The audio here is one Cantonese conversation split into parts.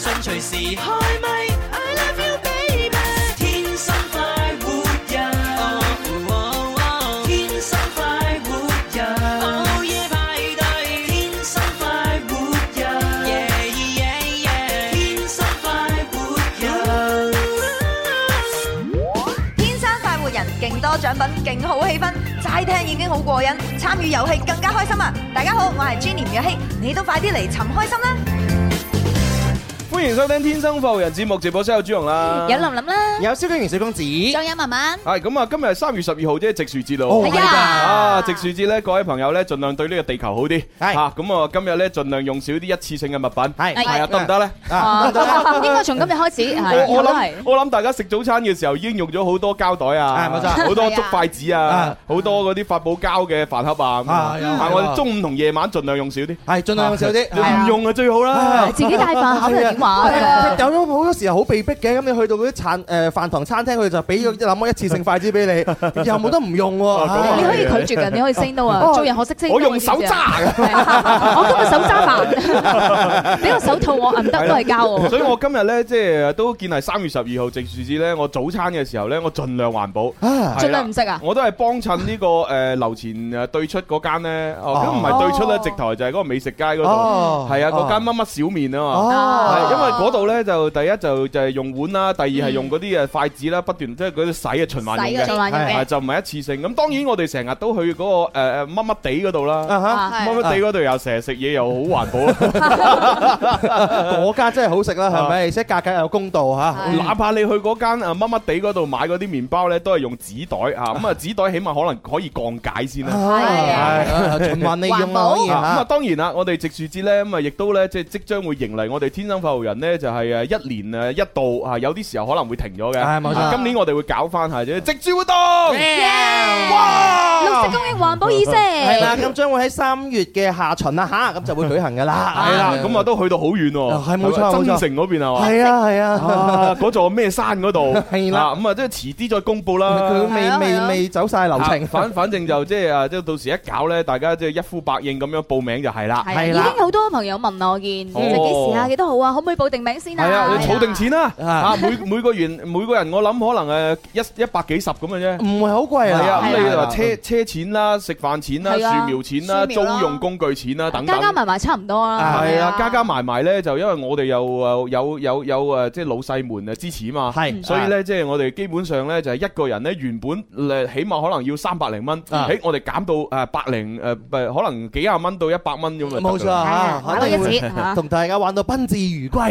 信隨時開咪，I love you baby。天生快活人，天生快活人，午夜派對，天生快活人，oh, yeah, bye, bye. 天生快活人。Yeah, yeah, yeah. 天生快活人，勁多獎品，勁好氣氛，齋聽已經好過癮，參與遊戲更加開心啊！大家好，我係 Jenny 吳若曦，你都快啲嚟尋開心啦！歡迎收聽《天生快活人》節目直播室，先有朱容啦，有林林啦，有蕭敬堯四公子，仲有文文。係咁啊！今日係三月十二號，即係植樹節啦。係啊！植樹節咧，各位朋友咧，盡量對呢個地球好啲。係啊！咁啊，今日咧，盡量用少啲一次性嘅物品。係係啊，得唔得咧？得，應該從今日開始。我我諗，我諗大家食早餐嘅時候已經用咗好多膠袋啊，好多竹筷子啊，好多嗰啲發泡膠嘅飯盒啊。係啊！我哋中午同夜晚盡量用少啲，係盡量用少啲，唔用啊最好啦。自己帶飯盒係點話？有咗好多時候好被逼嘅，咁你去到嗰啲餐、誒飯堂餐廳，佢就俾個一粒一次性筷子俾你，又冇得唔用喎。你可以拒絕嘅，你可以 send 到啊。做人可識聲，我用手揸嘅。我今日手揸飯，俾個手套我，唔得都係膠我。所以我今日咧，即係都見係三月十二號植樹節咧，我早餐嘅時候咧，我盡量環保，盡量唔食啊。我都係幫襯呢個誒樓前對出嗰間咧，咁唔係對出咧，直頭就係嗰個美食街嗰度，係啊，嗰間乜乜小麵啊嘛。因為嗰度咧就第一就就係用碗啦，第二係用嗰啲嘅筷子啦，不斷即係嗰啲洗嘅循環用嘅，係就唔係一次性。咁當然我哋成日都去嗰個誒乜乜地嗰度啦，乜乜地嗰度又成日食嘢又好環保，嗰間真係好食啦，係咪？即係價格又公道嚇，哪怕你去嗰間啊乜乜地嗰度買嗰啲麵包咧，都係用紙袋嚇，咁啊紙袋起碼可能可以降解先啦，循環利用嚇。咁啊當然啦，我哋植樹節咧咁啊亦都咧即係即將會迎嚟我哋天生快活人。人咧就係誒一年誒一度嚇，有啲時候可能會停咗嘅。係冇錯，今年我哋會搞翻下啫，植樹活動。哇！綠色公益環保意識。係啦，咁將會喺三月嘅下旬啦嚇，咁就會舉行㗎啦。係啦，咁啊都去到好遠喎。係冇錯，增城嗰邊係嘛？係啊係啊，嗰座咩山嗰度？係啦，咁啊即係遲啲再公佈啦。佢未未未走曬流程。反反正就即係誒，即係到時一搞咧，大家即係一呼百應咁樣報名就係啦。係啦。已經好多朋友問我見，幾時啊？幾多號啊？可唔可以？報定名先啦！係啊，你儲定錢啦，啊每每個月每個人我諗可能誒一一百幾十咁嘅啫，唔會好貴啊。係啊，咁你話車車錢啦、食飯錢啦、樹苗錢啦、租用工具錢啦等等，加加埋埋差唔多啊。係啊，加加埋埋咧就因為我哋又誒有有有誒即係老細們誒支持啊嘛，係，所以咧即係我哋基本上咧就係一個人咧原本誒起碼可能要三百零蚊，喺我哋減到誒百零誒誒可能幾廿蚊到一百蚊咁樣，冇錯啊，玩到一折，同大家玩到賓至如歸。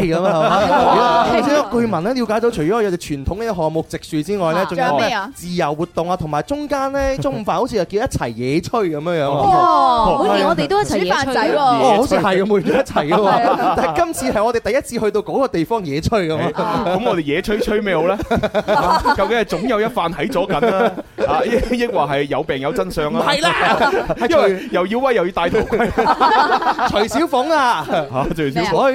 係咁啊，係嘛？據聞咧瞭解到，除咗有隻傳統嘅項目植樹之外咧，仲有咩啊？自由活動啊，同埋中間咧中午飯好似又叫一齊野炊咁樣樣喎。哇！好似我哋都一齊煮飯仔喎。好似係咁，每朝一齊嘅喎。但係今次係我哋第一次去到嗰個地方野炊嘅嘛。咁我哋野炊吹咩好咧？究竟係總有一飯喺左近啦，啊！抑或係有病有真相啊。係啦，因為又要威又要帶到。徐小鳳啊，徐小鳳。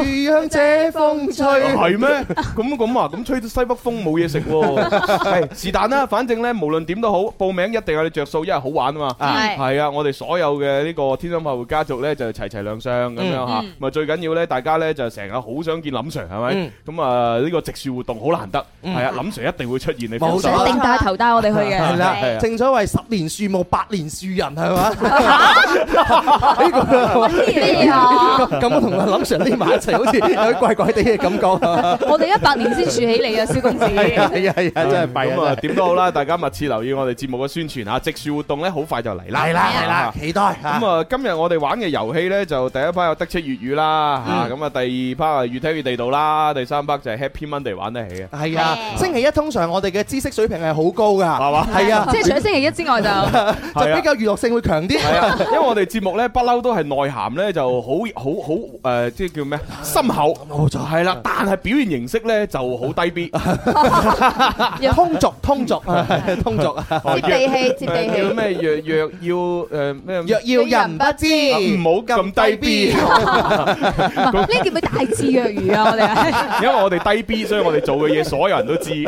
隨香姐，風吹係咩？咁咁啊！咁吹西北風冇嘢食喎，係是但啦。反正咧，無論點都好，報名一定係你着數，因為好玩啊嘛。係係啊！我哋所有嘅呢個天生快活家族咧，就齊齊亮相咁樣嚇。咪最緊要咧，大家咧就成日好想見林 Sir 係咪？咁啊，呢個植樹活動好難得，係啊，林 Sir 一定會出現你。冇錯，一定帶頭帶我哋去嘅。係啦，正所謂十年樹木，百年樹人係嘛？嚇！呢個咩啊？咁我同阿林 Sir 匿埋。一齊好似有啲怪怪地嘅感覺。我哋一百年先樹起你啊，蕭公子。係啊係啊，真係弊啊。點都好啦，大家密切留意我哋節目嘅宣傳嚇，植樹活動咧好快就嚟啦，係啦係啦，期待嚇。咁啊，今日我哋玩嘅遊戲咧，就第一 part 有得出粵語啦嚇，咁啊第二 part 係越睇越地道啦，第三 part 就係 Happy Monday 玩得起啊。係啊，星期一通常我哋嘅知識水平係好高㗎，係嘛？係啊，即係除咗星期一之外，就就比較娛樂性會強啲。係啊，因為我哋節目咧不嬲都係內涵咧就好好好誒，即係叫咩？深厚冇錯，係啦，但係表現形式咧就好低 B，通俗通俗通俗，接地氣接地氣，咩若若要誒咩？若要人不知，唔好咁低 B。呢啲咪大智若愚啊？我哋，因為我哋低 B，所以我哋做嘅嘢，所有人都知。例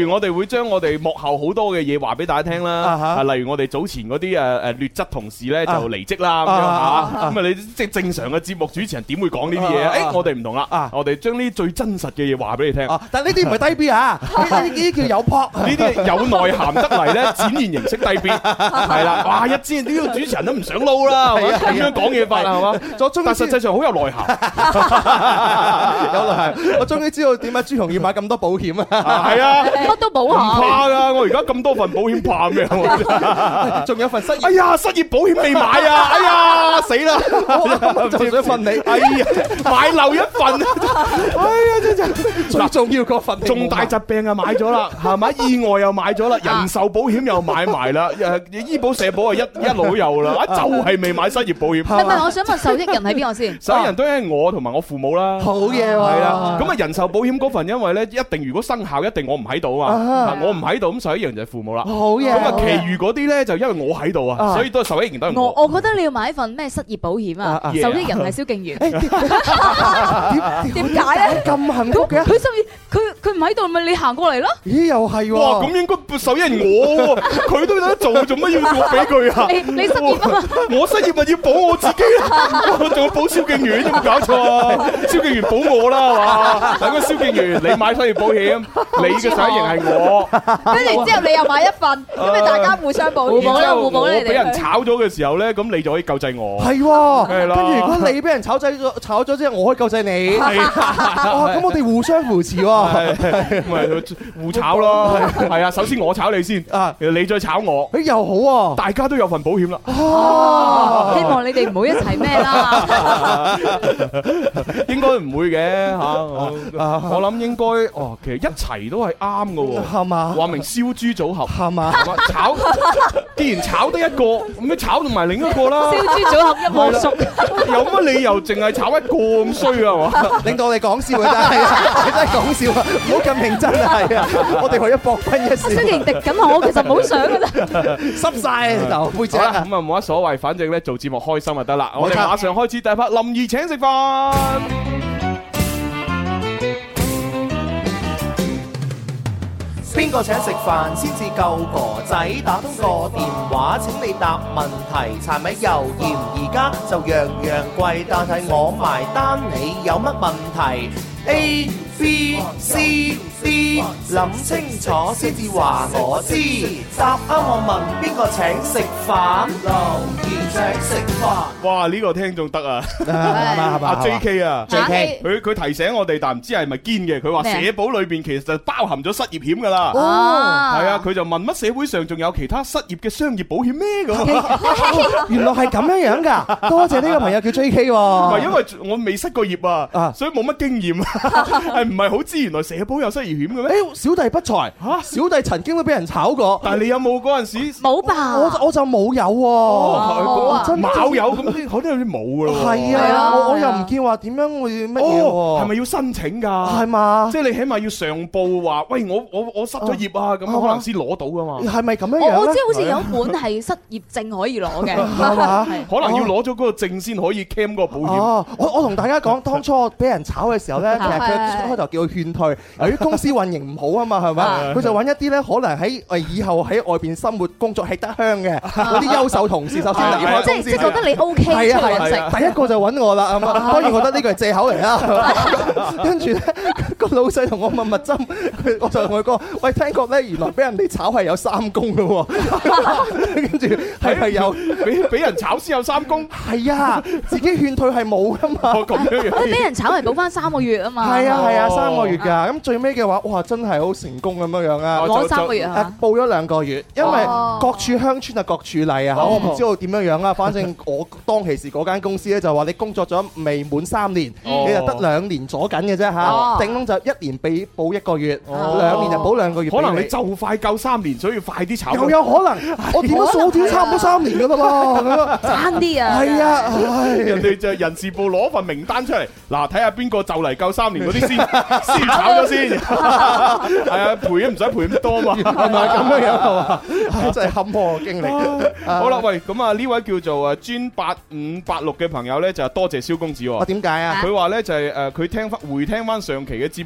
如我哋會將我哋幕後好多嘅嘢話俾大家聽啦。例如我哋早前嗰啲誒誒劣質同事咧就離職啦咁樣吓，咁啊你。即係正常嘅節目主持人點會講呢啲嘢？誒，我哋唔同啦，啊，我哋將呢最真實嘅嘢話俾你聽。但係呢啲唔係低 B 啊，呢啲叫有 p o，呢啲有內涵得嚟咧，展現形式低 B 係啦。哇！一知呢個主持人都唔想撈啦，係嘛？點樣講嘢法係嘛？我終於，但實際上好有內涵，有內涵。我終於知道點解朱紅要買咁多保險啦。係啊，乜都保嚇。唔怕㗎，我而家咁多份保險怕咩啊？仲有份失業，失業保險未買啊！哎呀，死啦！就想分你，哎呀，買漏一份，哎呀，真真嗱，仲要嗰份重大疾病啊買咗啦，係咪？意外又買咗啦，人壽保險又買埋啦，誒，醫保社保啊一一路有啦，啊，就係未買失業保險。唔係唔係，我想問受益人喺邊個先？受益人都係我同埋我父母啦。好嘢喎！係啦，咁啊人壽保險嗰份因為咧一定如果生效一定我唔喺度啊，我唔喺度咁受益人就係父母啦。好嘢。咁啊其餘嗰啲咧就因為我喺度啊，所以都係受益人都係我。我我覺得你要買一份咩失業保險啊？受益人係蕭敬遠，點點解咧咁幸福嘅？佢失業，佢佢唔喺度咪你行過嚟咯？咦，又係喎？咁應該受益人我喎，佢都有得做，做乜要我俾佢啊？你失業啊？我失業咪要保我自己啦？我仲要保蕭敬遠都冇搞錯，蕭敬遠保我啦，係嘛？嗱，個蕭敬遠你買商業保險，你嘅受益人係我。跟住之後你又買一份，咁咪大家互相保護咯，互保你哋。俾人炒咗嘅時候咧，咁你就可以救濟我。係喎。跟住，如果你俾人炒仔咗，炒咗之後，我可以救濟你。哇！咁我哋互相扶持喎，係咪？互炒咯，係啊！首先我炒你先啊，你再炒我。又好啊！大家都有份保險啦。哦，希望你哋唔好一齊咩啦。應該唔會嘅嚇。我諗應該哦，其實一齊都係啱嘅喎。係嘛。話明燒豬組合。係嘛。炒，既然炒得一個，咁你炒同埋另一個啦。燒豬組合一鍋 有乜理由淨係炒一個咁衰啊？嘛，令到我哋講笑啊，真係真係講笑啊，唔好咁認真啊，係啊，我哋可以博君一笑。濕氣凝滴咁，我其實唔 好想噶啦，濕晒就。好啦，咁啊冇乜所謂，反正咧做節目開心就得啦，錯我哋馬上開始第一 part 林儀請食飯。邊個請食飯，先至夠哥仔，打通個電話，請你答問題，柴米油鹽而家就樣樣貴，但係我埋單，你有乜問題？A B C D 諗清楚先至話我知，答啱我問邊個請食飯？留言請食飯。哇，呢個聽眾得啊！阿 J K 啊，J K 佢佢提醒我哋，但唔知係咪堅嘅。佢話社保裏邊其實就包含咗失業險噶啦。哦，係啊，佢就問乜社會上仲有其他失業嘅商業保險咩咁？原來係咁樣樣噶，多謝呢個朋友叫 J K。唔係因為我未失過業啊，所以冇乜經驗。唔係好知原來社保有失業險嘅咩？誒，小弟不才嚇，小弟曾經都俾人炒過。但係你有冇嗰陣時冇吧？我我就冇有喎。真冇有咁啲，可能有啲冇㗎喎。係啊，我又唔見話點樣會乜嘢喎？係咪要申請㗎？係嘛？即係你起碼要上報話，喂，我我我失咗業啊，咁可能先攞到㗎嘛？係咪咁樣樣？我知好似有本係失業證可以攞嘅，可能要攞咗嗰個證先可以 claim 個保險。我我同大家講，當初俾人炒嘅時候咧。就叫佢勸退，由於公司運營唔好啊嘛，係咪？佢就揾一啲咧可能喺誒以後喺外邊生活工作吃得香嘅嗰啲優秀同事，首先離開公司即係覺得你 OK 啊，人，啊。第一個就揾我啦，咁當然覺得呢個係借口嚟啦。跟住咧。老細同我密密針，我就同佢講：喂，聽講咧，原來俾人哋炒係有三公嘅喎，跟住係係有俾俾人炒先有三公。係啊，自己勸退係冇㗎嘛。咁樣樣俾人炒係補翻三個月啊嘛。係啊係啊，三個月㗎。咁最尾嘅話，哇，真係好成功咁樣樣啊！補三個月啊！報咗兩個月，因為各處鄉村啊，各處例啊，嚇，我唔知道點樣樣啦。反正我當其時嗰間公司咧，就話你工作咗未滿三年，你就得兩年咗緊嘅啫嚇。頂窿就～一年俾保一個月，兩年就保兩個月。可能你就快夠三年，所以快啲炒。又有可能，我點數都差唔多三年噶啦嘛。差啲啊！係啊，人哋就人事部攞份名單出嚟，嗱，睇下邊個就嚟夠三年嗰啲先，先炒咗先。係啊，賠都唔使賠咁多嘛，係咪咁樣樣啊？真係坎坷嘅經歷。好啦，喂，咁啊呢位叫做啊專八五八六嘅朋友咧，就係多謝蕭公子喎。啊點解啊？佢話咧就係誒，佢聽翻回聽翻上期嘅節。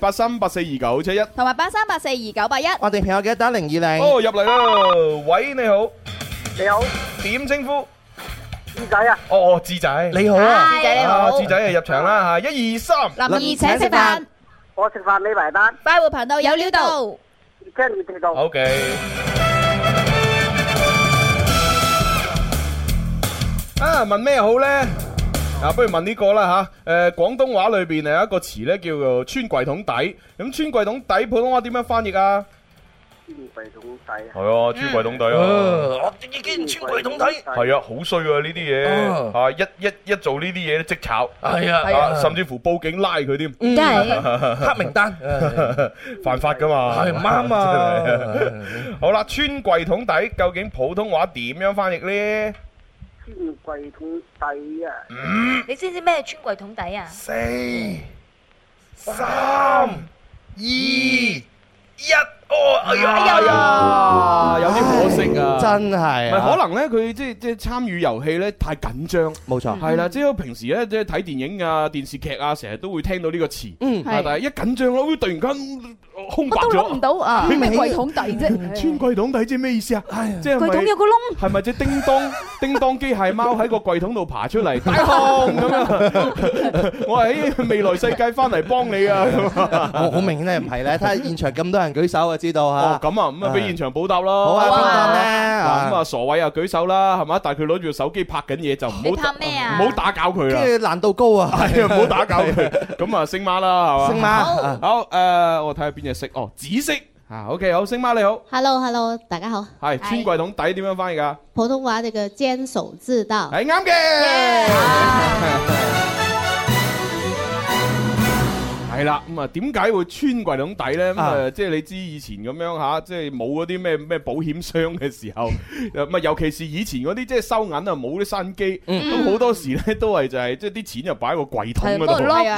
八三八四二九七一，同埋八三八四二九八一。我哋朋友記得打零二零。哦，入嚟啦，喂，你好，你好，點稱呼？志仔啊，哦哦，志仔，你好啊，志仔你好，志仔入場啦吓，一二三，林二請食飯，我食飯你埋單，快活頻道有料到，聽唔聽到？OK。啊，問咩好咧？嗱，不如問呢個啦嚇。誒，廣東話裏邊誒有一個詞咧，叫做穿櫃桶底。咁穿櫃桶底，普通話點樣翻譯啊？穿櫃桶底啊！係啊，穿櫃桶底啊！我已經穿櫃桶底。係啊，好衰啊！呢啲嘢啊，一一一做呢啲嘢都即炒。係啊，甚至乎報警拉佢添。真係黑名單，犯法噶嘛？係唔啱啊！好啦，穿櫃桶底究竟普通話點樣翻譯咧？櫃桶底啊！五、你知唔知咩係穿櫃桶底啊？四、三、哇二、一。哦，哎呀，哎呀，有啲可惜啊，真係。咪可能咧，佢即係即係參與遊戲咧，太緊張，冇錯。係啦，即係平時咧，即係睇電影啊、電視劇啊，成日都會聽到呢個詞。嗯，係，但係一緊張咧，會突然間空白咗。我都諗唔到啊！明明櫃桶底啫？穿櫃桶底啫咩意思啊？係，即係櫃桶有個窿。係咪隻叮當叮當機械貓喺個櫃桶度爬出嚟？大雄咁啊！我喺未來世界翻嚟幫你啊！咁啊，好明顯咧，唔係咧，睇下現場咁多人舉手啊！知道啊！哦，咁啊，咁啊，俾現場補答咯。好啊，咁啊，傻位啊，舉手啦，係嘛？但係佢攞住手機拍緊嘢，就唔好拍咩啊！唔好打攪佢啊！即係難度高啊！係啊，唔好打攪佢。咁啊，星媽啦，係嘛？星媽，好誒，我睇下邊隻色。哦，紫色啊。OK，好，星媽你好。Hello，Hello，大家好。係穿櫃桶底點樣翻譯㗎？普通話呢個堅守之道。係啱嘅。係啦，咁啊，點解會穿櫃桶底咧？咁啊、嗯，即係你知以前咁樣吓，即係冇嗰啲咩咩保險箱嘅時候，咪 尤其是以前嗰啲即係收銀啊，冇啲收銀機，都好多時咧都係就係即係啲錢就擺喺個櫃桶嗰度。攞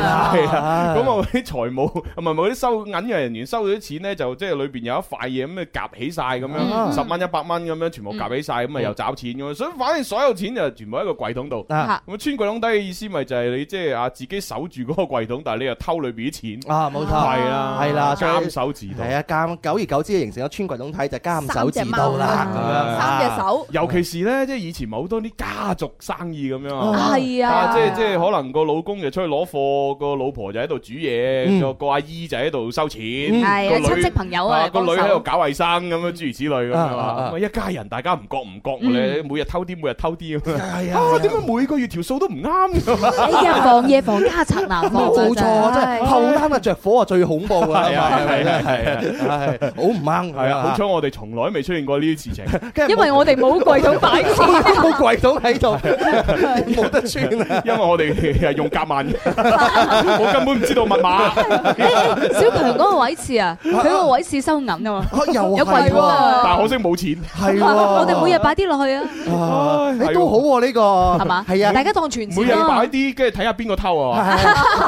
啊，咁啊啲財務唔係嗰啲收銀嘅人員收咗啲錢咧，就即係裏邊有一塊嘢咁啊夾起晒咁樣，十蚊一百蚊咁樣全部夾起晒，咁啊、嗯、又找錢咁啊，所以反正所有錢就全部喺個櫃桶度，咁啊、嗯嗯、穿櫃桶底嘅意思咪就係你即係啊自己守住嗰個櫃桶，但係你又偷裏邊啲錢啊！冇錯，係啦，係啦，監守自盜係啊，監久而久之形成咗穿櫃桶底就監守自盜啦，三隻貓啦，三隻手。尤其是咧，即係以前咪好多啲家族生意咁樣，係啊，即係即係可能個老公就出去攞貨，個老婆就喺度煮嘢，個阿姨就喺度收錢，個親戚朋友啊，個女喺度搞衞生咁樣，諸如此類㗎嘛，一家人大家唔覺唔覺你每日偷啲，每日偷啲咁。係啊，點解每個月條數都唔啱？日防夜防，家賊難防。冇錯。後單啊，着火啊，最恐怖啊，係啊係啊係啊係，好唔啱，係啊，好彩我哋從來未出現過呢啲事情。因為我哋冇櫃桶擺錢，冇櫃桶喺度，冇得穿。因為我哋係用夾萬，我根本唔知道密碼。小強嗰個位置啊，佢個位置收銀啊嘛，有櫃桶啊，但可惜冇錢，係啊。我哋每日擺啲落去啊，你都好呢個係嘛？係啊，大家當存錢啊。每日擺啲，跟住睇下邊個偷啊，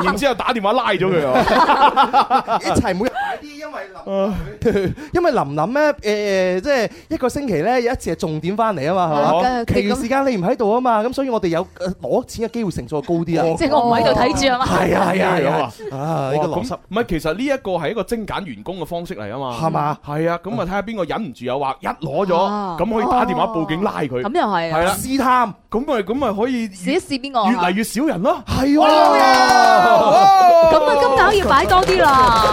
然之後打電話。拉咗佢啊！一齊每。啲因為林，因為林林咧，誒，即係一個星期咧，有一次係重點翻嚟啊嘛，係嘛，其餘時間你唔喺度啊嘛，咁所以我哋有攞錢嘅機會成數高啲啊。即係我唔喺度睇住啊嘛。係啊係啊係啊。啊呢個咁十，唔係其實呢一個係一個精簡員工嘅方式嚟啊嘛。係嘛。係啊，咁啊睇下邊個忍唔住誘惑一攞咗，咁可以打電話報警拉佢。咁又係。係啦。試探，咁咪咁咪可以。試一試邊個。越嚟越少人咯。係啊。咁啊，金額要擺多啲啦。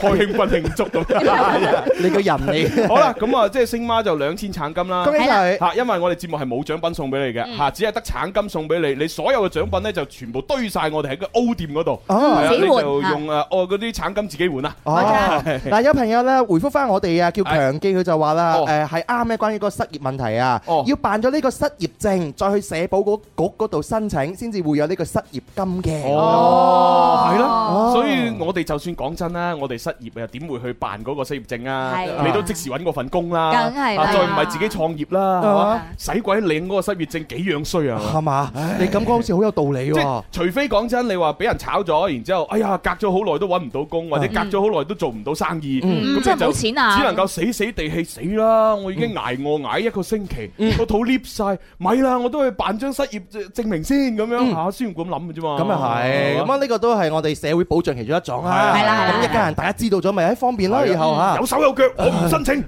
開興賓慶祝咁，你個人嚟。好啦，咁啊，即係星媽就兩千橙金啦。咁因為吓，因為我哋節目係冇獎品送俾你嘅，吓，只係得橙金送俾你。你所有嘅獎品咧，就全部堆晒我哋喺個 O 店嗰度。哦，你就用誒，我嗰啲橙金自己換啦。哦，嗱，有朋友咧回覆翻我哋啊，叫強基，佢就話啦，誒，係啱咩，關於個失業問題啊，要辦咗呢個失業證，再去社保局嗰度申請，先至會有呢個失業金嘅。哦，係啦，所以我哋就算講。講真啦，我哋失業又點會去辦嗰個失業證啊？你都即時搵過份工啦，梗係，再唔係自己創業啦，使鬼領嗰個失業證幾樣衰啊？係嘛，你咁講好似好有道理。即係除非講真，你話俾人炒咗，然之後哎呀，隔咗好耐都搵唔到工，或者隔咗好耐都做唔到生意，咁即係冇錢啊，只能夠死死地氣死啦。我已經挨餓挨一個星期，個肚 lift 晒，咪啦，我都去辦張失業證明先咁樣吓，先咁諗嘅啫嘛。咁啊係，咁啊呢個都係我哋社會保障其中一種啊。咁一家人大家知道咗咪喺方便咯，以後吓有手有腳，我唔申請，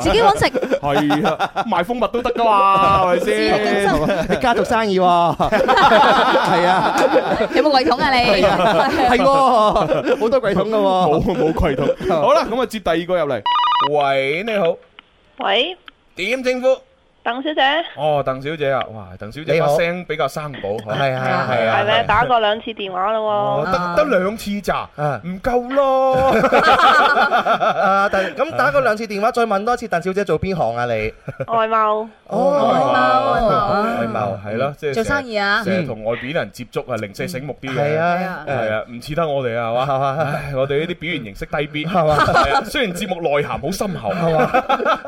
自己搵食係啊，賣蜂蜜都得噶嘛，係咪先？你家族生意喎，係啊，有冇櫃桶啊你？係喎，好多櫃桶噶喎，冇冇櫃桶？好啦，咁啊接第二個入嚟。喂，你好，喂，點政府？鄧小姐，哦，鄧小姐啊，哇，鄧小姐個聲比較生保。係啊係啊係啊，係咪打過兩次電話咯？得得兩次咋，唔夠咯，啊鄧，咁打過兩次電話，再問多次，鄧小姐做邊行啊？你外貿，外貿，外貿係咯，即係做生意啊，即係同外邊啲人接觸啊，零舍醒目啲嘅。係啊係啊，唔似得我哋啊，係嘛，我哋呢啲表現形式低啲，係嘛，雖然節目內涵好深厚，係嘛，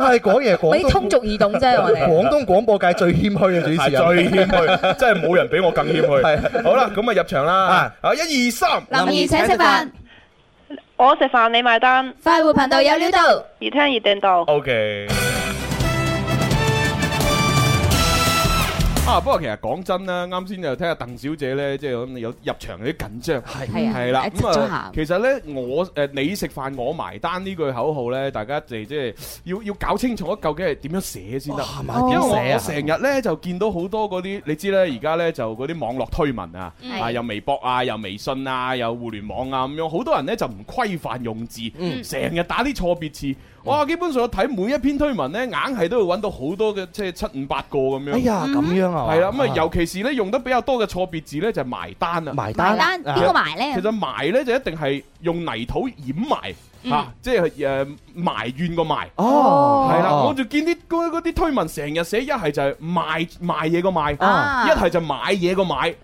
係講嘢講，你通俗易懂啫，我哋。廣東廣播界最謙虛嘅主持，最謙虛，真係冇人比我更謙虛。好啦，咁啊入場啦！啊，一二三，林怡請食飯，我食飯你埋單，快活頻道有料到，越聽越掂到。OK。啊！不過其實講真啦，啱先就聽下鄧小姐咧，即、就、係、係、有入場有啲緊張，係係啦。咁啊，其實咧我誒、呃、你食飯我埋單呢句口號咧，大家就即係要要搞清楚究竟係點樣寫先得，哦啊、因為我成日咧就見到好多嗰啲你知咧，而家咧就嗰啲網絡推文啊，嗯、啊是又微博啊，又微信啊，又互聯網啊咁樣，好多人咧就唔規範用字，成、嗯、日打啲錯別字。哇！基本上我睇每一篇推文咧，硬係都會揾到好多嘅，即係七五八個咁樣。哎呀，咁樣啊！係啦、嗯，咁啊、嗯，尤其是咧用得比較多嘅錯別字咧，就係、是、埋單啊。埋單，啊埋單，邊個埋咧？其實埋咧就一定係用泥土掩埋，吓、嗯啊，即係誒。呃埋怨個埋，哦，係啦，我就見啲啲推文成日寫一係就係賣賣嘢個賣，一係就買嘢個買，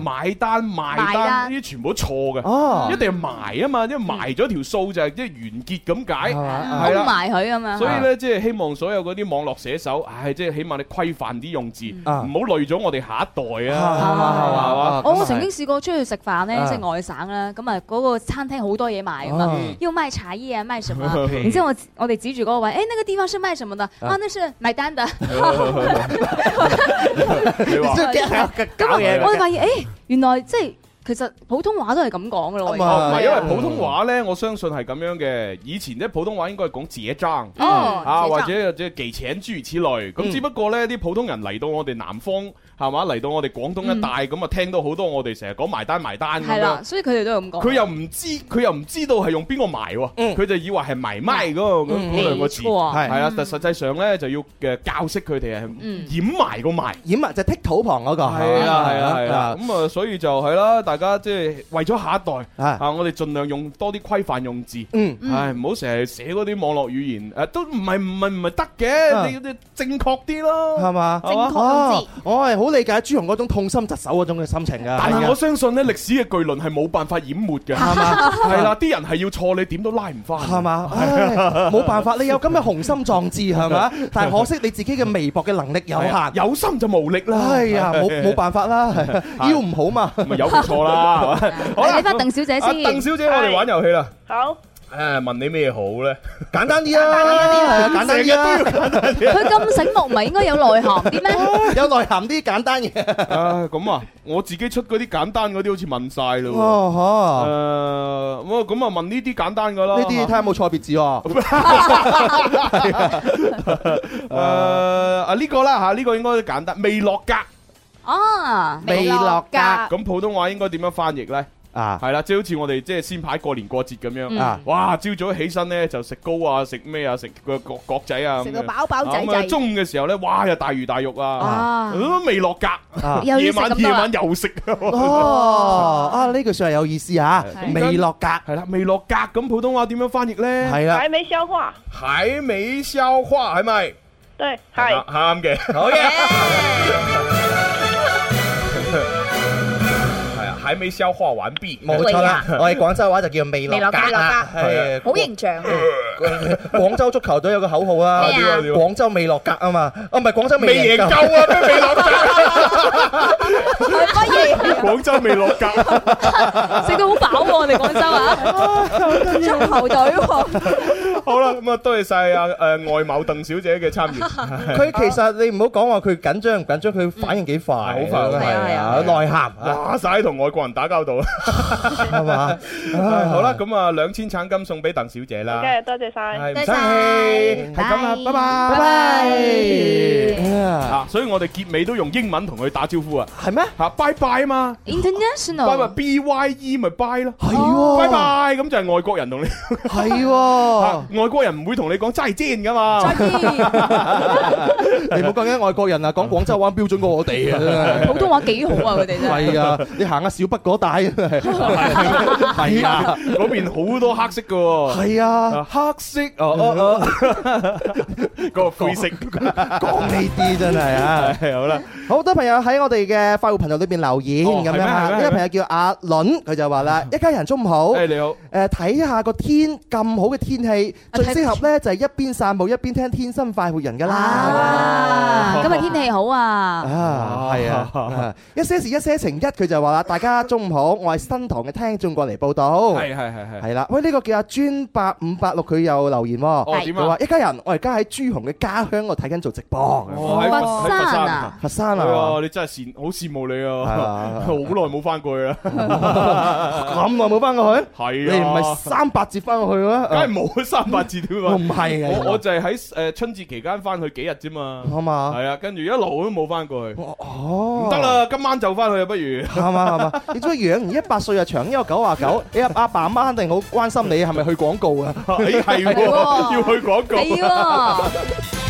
買單賣單呢啲全部錯嘅，一定係埋啊嘛，因為埋咗條數就係即係完結咁解，係好埋佢啊嘛。所以咧即係希望所有嗰啲網絡寫手，唉，即係起碼你規範啲用字，唔好累咗我哋下一代啊，係嘛？我曾經試過出去食飯咧，即係外省啦，咁啊嗰個餐廳好多嘢賣啊嘛，要賣茶葉啊賣什麼，我我哋指住嗰個位，誒、哎，那個地方是賣什麼的？啊，那是買單的。咁我哋發現，誒、哎，原來即係。其實普通話都係咁講嘅咯，唔係因為普通話咧，我相信係咁樣嘅。以前咧，普通話應該係講自己爭，啊或者即係寄錢諸如此類。咁只不過咧，啲普通人嚟到我哋南方係嘛？嚟到我哋廣東一帶，咁啊聽到好多我哋成日講埋單埋單咁係啦，所以佢哋都係咁講。佢又唔知，佢又唔知道係用邊個埋喎？佢就以為係埋麥嗰個嗰兩個字。係啊，但實際上咧就要嘅教識佢哋係掩埋個埋，掩埋就剔土旁嗰個。係啊係啊係啊，咁啊所以就係啦，但。家即係為咗下一代啊！我哋儘量用多啲規範用字，嗯，係唔好成日寫嗰啲網絡語言，誒都唔係唔係唔係得嘅，你要正確啲咯，係嘛？正確用字，我係好理解朱紅嗰種痛心疾首嗰種嘅心情㗎。但係我相信咧，歷史嘅巨輪係冇辦法掩沒嘅，係嘛？係啦，啲人係要錯你點都拉唔翻，係嘛？冇辦法，你有咁嘅雄心壯志係嘛？但係可惜你自己嘅微博嘅能力有限，有心就無力啦，係啊，冇冇辦法啦，腰唔好嘛，咪有唔錯啦。啊！睇翻鄧小姐先，鄧小姐，我哋玩遊戲啦。好。誒，問你咩好咧？簡單啲啊，簡單啲啊，簡單啲啊。佢咁醒目，唔係應該有內涵啲咩？有內涵啲簡單嘢。唉，咁啊，我自己出嗰啲簡單嗰啲，好似問晒咯。哦，誒，我咁啊，問呢啲簡單噶咯。呢啲睇下有冇錯別字。誒，啊呢個啦吓，呢個應該簡單。未落格。哦，未落格，咁普通話應該點樣翻譯呢？啊，係啦，即係好似我哋即係先排過年過節咁樣啊，哇，朝早起身呢，就食糕啊，食咩啊，食個角角仔啊，食到飽飽仔。咁中午嘅時候呢，哇又大魚大肉啊，未落格，夜晚夜晚又食啊。哦，啊呢個算係有意思啊，未落格，係啦，未落格。咁普通話點樣翻譯呢？係啦，還沒消化，還沒消化係咪？對，係啱嘅，好嘅。喺未消化完畢，冇錯啦！呀我哋廣州話就叫做未落格啦，啊，係、啊、是好形象，啊。廣州足球隊有個口號啊，啊廣州未落格啊嘛，啊唔係廣州未未贏夠啊咩未 落格，啊？唔可以。廣州未落格，啊，食到好飽喎，啊！我哋廣州啊， 啊啊足球隊，啊。 好啦，咁啊，多謝晒阿誒外貌鄧小姐嘅參與。佢其實你唔好講話佢緊張唔緊張，佢反應幾快，好快啊！係啊，內涵，話晒同外國人打交道啊，係嘛？好啦，咁啊，兩千產金送俾鄧小姐啦。今日多謝晒，唔使氣，係咁啦，拜拜，拜拜啊！所以我哋結尾都用英文同佢打招呼啊，係咩？吓，拜拜啊嘛，international，拜拜 bye 咪 bye 咯，係，拜拜，咁就係外國人同你係。外國人唔會同你講齋煎噶嘛？ 你冇講緊外國人啊，講廣州話標準過我哋啊！ 的普通話幾好啊！佢哋真係啊，你行下小北嗰帶係啊，嗰邊好多黑色嘅喎。係啊的，黑色啊啊，嗰個灰色講呢啲真係啊！好啦，好多朋友喺我哋嘅快活頻道裏邊留言咁樣，有一個朋友叫阿倫，佢就話啦：一家人中午好，你好，誒睇、呃、下個天咁好嘅天氣。最適合咧就係一邊散步一邊聽《天生快活人》噶啦。今日天氣好啊。啊，係啊。一些事一些情。一，佢就話啦：大家中午好，我係新堂嘅聽眾過嚟報道。係係係係。係啦，喂，呢個叫阿專八五八六，佢有留言喎。點啊？佢話：一家人，我而家喺朱紅嘅家鄉度睇緊做直播。佛山啊！佛山啊！你真係羨，好羨慕你啊！好耐冇翻過去啊，咁啊，冇翻過去。係啊！你唔係三八節翻過去啊？梗係冇三八。哦、我唔係，啊，我就係喺誒春節期間翻去幾日啫嘛，好嘛吧？係啊，跟住一路都冇翻過去。哦，唔得啦，今晚就翻去啊。不如，啱嘛啱嘛？你中意養，一百歲又長，99，爸爸媽媽一個九啊九，你阿爸阿媽肯定好關心你係咪去廣告啊？你係、哎、要去廣告。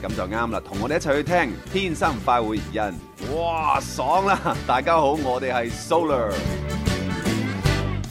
咁就啱啦，同我哋一齊去聽《天生快活人》，哇，爽啦！大家好，我哋係 Solar。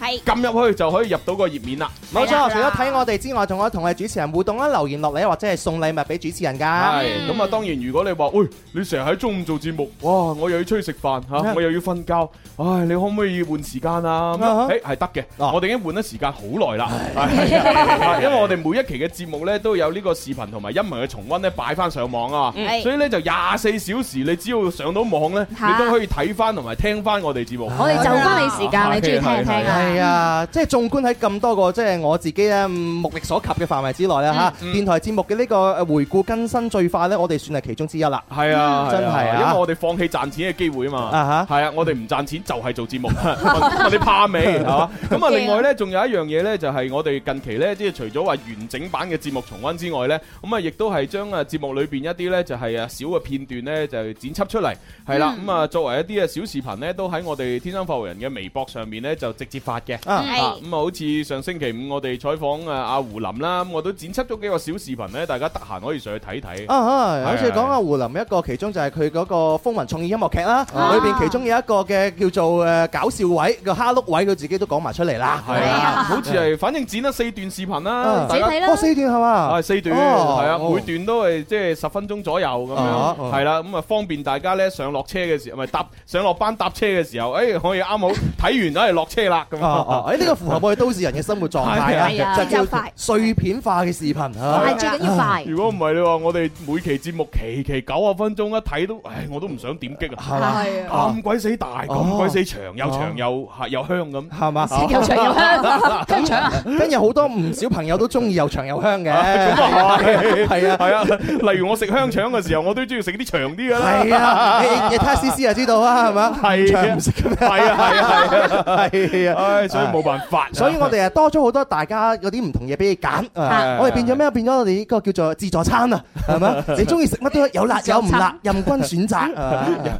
係，撳入去就可以入到個頁面啦。冇錯，除咗睇我哋之外，仲可以同我哋主持人互動啊，留言落嚟或者係送禮物俾主持人㗎。係，咁啊、嗯、當然，如果你話，喂，你成日喺中午做節目，哇，我又要出去食飯嚇，啊、我又要瞓覺，唉，你可唔可以換時間啊？誒、啊，係得嘅，啊、我哋已經換咗時間好耐啦。因為我哋每一期嘅節目咧都有呢個視頻同埋音頻嘅重温咧擺翻上網啊，嗯、所以咧就廿四小時你只要上到網咧，啊、你都可以睇翻同埋聽翻我哋節目。我哋就翻你時間，你中意聽唔聽啊？係啊，即係縱觀喺咁多個即係我自己咧目力所及嘅範圍之內啦嚇，啊嗯嗯、電台節目嘅呢個回顧更新最快呢，我哋算係其中之一啦。係啊，嗯、真係啊，啊因為我哋放棄賺錢嘅機會啊嘛。啊係哈啊，我哋唔賺錢就係做節目， 你怕未？嚇。咁啊， 另外呢，仲有一樣嘢呢，就係、是、我哋近期呢，即、就、係、是、除咗話完整版嘅節目重温之外呢，咁、嗯、啊，亦都係將啊節目裏邊一啲呢，就係啊小嘅片段呢，就剪輯出嚟。係啦、嗯，咁啊，作為一啲嘅小視頻呢，都喺我哋天生快活人嘅微博上面呢，就直接發嘅，咁啊，好似上星期五我哋採訪誒阿胡林啦，咁我都剪輯咗幾個小視頻咧，大家得閒可以上去睇睇。啊好似講阿胡林一個，其中就係佢嗰個《風雲創意音樂劇》啦，裏邊其中有一個嘅叫做誒搞笑位個蝦碌位，佢自己都講埋出嚟啦。係，好似係，反正剪咗四段視頻啦，大家四段係嘛，係四段，係啊，每段都係即係十分鐘左右咁樣，係啦，咁啊方便大家咧上落車嘅時，咪搭上落班搭車嘅時候，誒可以啱好睇完就係落車啦。啊啊！誒呢個符合我哋都市人嘅生活狀態啊，就叫碎片化嘅視頻啊。係最緊要快。如果唔係你話我哋每期節目期期九十分鐘一睇都，唉，我都唔想點擊啊。係啊，咁鬼死大，咁鬼死長，又長又嚇又香咁，係嘛？又長又香，香腸。跟住好多唔少朋友都中意又長又香嘅。係啊，係啊。例如我食香腸嘅時候，我都中意食啲長啲嘅。係啊，你睇下詩詩就知道啊。係嘛？係長唔啊，係啊，係啊。所以冇辦法，所以我哋啊多咗好多大家，嗰啲唔同嘢俾你揀，我哋變咗咩？變咗我哋呢個叫做自助餐啊，係咪？你中意食乜都有辣有唔辣，任君選擇，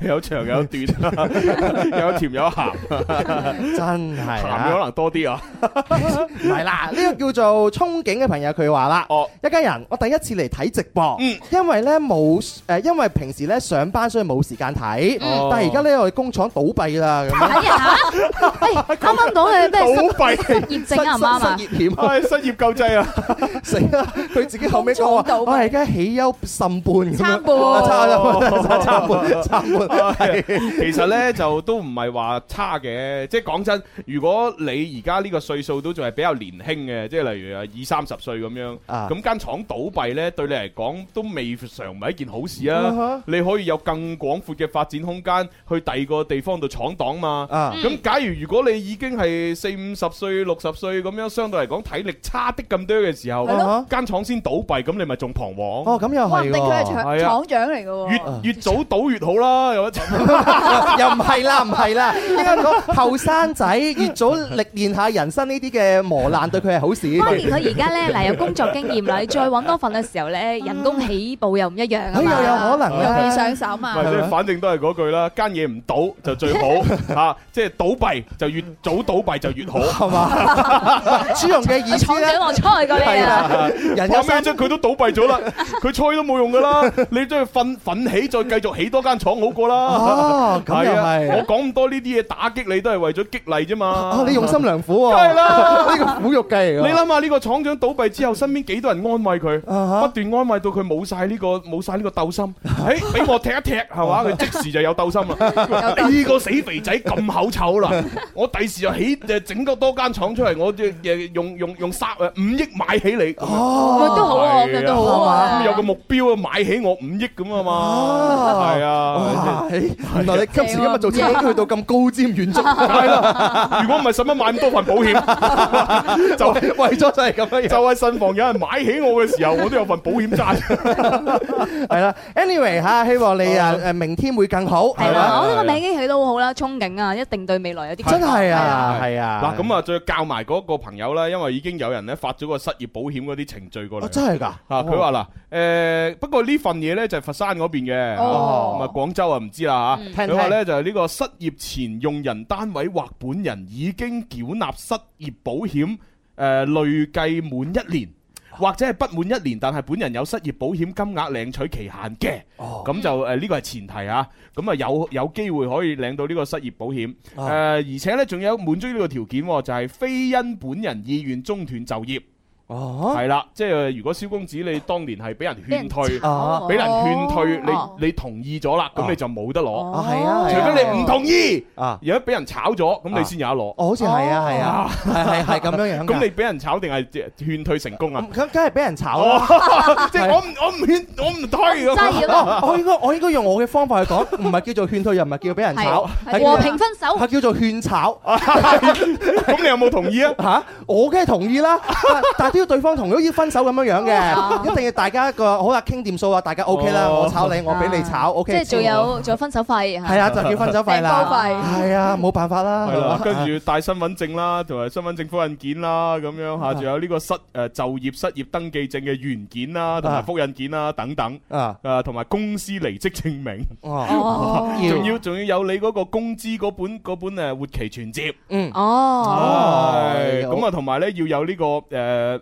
有長有短，有甜有鹹，真係鹹可能多啲啊！唔係啦，呢個叫做憧憬嘅朋友，佢話啦，一家人，我第一次嚟睇直播，因為咧冇誒，因為平時咧上班，所以冇時間睇，但係而家咧我哋工廠倒閉啦，咁樣。講嘅咩失業證啊，唔啱啊！失業救濟啊， 死啦！佢自己後尾講啊，我而家起優甚半差半，差差半，差半、哎、是其實咧就都唔係話差嘅，即係講真，如果你而家呢個歲數都仲係比較年輕嘅，即係例如啊二三十歲咁樣，咁間廠倒閉咧，對你嚟講都未嘗唔係一件好事啊！啊你可以有更廣闊嘅發展空間去第二個地方度闖蕩嘛。咁、啊嗯、假如如果你已經係係四五十歲、六十歲咁樣，相對嚟講體力差啲咁多嘅時候，間廠先倒閉，咁你咪仲彷徨。哦，咁又係。話唔定佢係廠長嚟嘅。越越早倒越好啦，又唔係啦，唔係啦，呢間廠後生仔越早歷練下人生呢啲嘅磨難，對佢係好事。當然佢而家咧，嗱有工作經驗啦，你再搵多份嘅時候咧，人工起步又唔一樣啊嘛。佢又有可能，又會上手嘛。唔係，反正都係嗰句啦，間嘢唔倒就最好吓，即係倒閉就越早倒。倒閉就越好係嘛？朱紅嘅二廠長我猜過你啊，人有咩啫？佢都倒閉咗啦，佢吹都冇用噶啦！你真係憤憤起，再繼續起多間廠好過啦。啊，咁又係。我講咁多呢啲嘢打擊你，都係為咗激勵啫嘛。你用心良苦啊！梗係啦，呢個苦肉計嚟。你諗下呢個廠長倒閉之後，身邊幾多人安慰佢？不斷安慰到佢冇晒呢個冇晒呢個鬥心。誒，俾我踢一踢係嘛？佢即時就有鬥心啊！呢個死肥仔咁口醜啦，我第時就起。你誒，整個多間廠出嚟，我即係用用用三誒五億買起你哦。都好啊，我諗都好啊，有個目標啊，買起我五億咁啊嘛。係啊，原來你今時今日做自己去到咁高瞻遠矚。係啦，如果唔係使乜買咁多份保險，就為咗就係咁樣，就係慎防有人買起我嘅時候，我都有份保險賺。係啦，anyway 吓，希望你啊誒明天會更好，係嘛？我覺得個名起都好啦，憧憬啊，一定對未來有啲真係啊。係啊，嗱咁啊，再教埋嗰個朋友啦，因為已經有人咧發咗個失業保險嗰啲程序過嚟、哦，真係噶，吓，佢話嗱，誒不過呢份嘢咧就係佛山嗰邊嘅，哦，咁啊廣州啊唔知啦吓，佢話咧就係、是、呢個失業前用人單位或本人已經繳納失業保險誒、呃、累計滿一年。或者係不滿一年，但係本人有失業保險金額領取期限嘅，咁、oh. 就誒呢、呃呢個係前提啊，咁啊有有機會可以領到呢個失業保險，誒、oh. 呃、而且呢，仲有滿足呢個條件、啊，就係、是、非因本人意願中斷就業。哦，係啦，即係如果蕭公子你當年係俾人勸退，俾人勸退，你你同意咗啦，咁你就冇得攞。係啊，除非你唔同意啊，如果俾人炒咗，咁你先有得攞。哦，好似係啊，係啊，係係係咁樣樣。咁你俾人炒定係勸退成功啊？咁梗係俾人炒啊！即係我唔我唔勸我唔退。我應該我應該用我嘅方法去講，唔係叫做勸退，又唔係叫俾人炒，和平分手，係叫做勸炒。咁你有冇同意啊？吓，我梗係同意啦，都要對方同意，要分手咁樣樣嘅，一定要大家個好啊，傾掂數啊，大家 O K 啦，我炒你，我俾你炒，O K。即係仲有仲有分手費，係啊，就叫分手費啦。分手費係啊，冇辦法啦。係啦，跟住帶身份證啦，同埋身份證複印件啦，咁樣嚇，仲有呢個失誒就業失業登記證嘅原件啦，同埋複印件啦，等等啊，誒同埋公司離職證明。哦，仲要仲要有你嗰個工資嗰本嗰本誒活期存摺。嗯，哦，係咁啊，同埋咧要有呢個誒。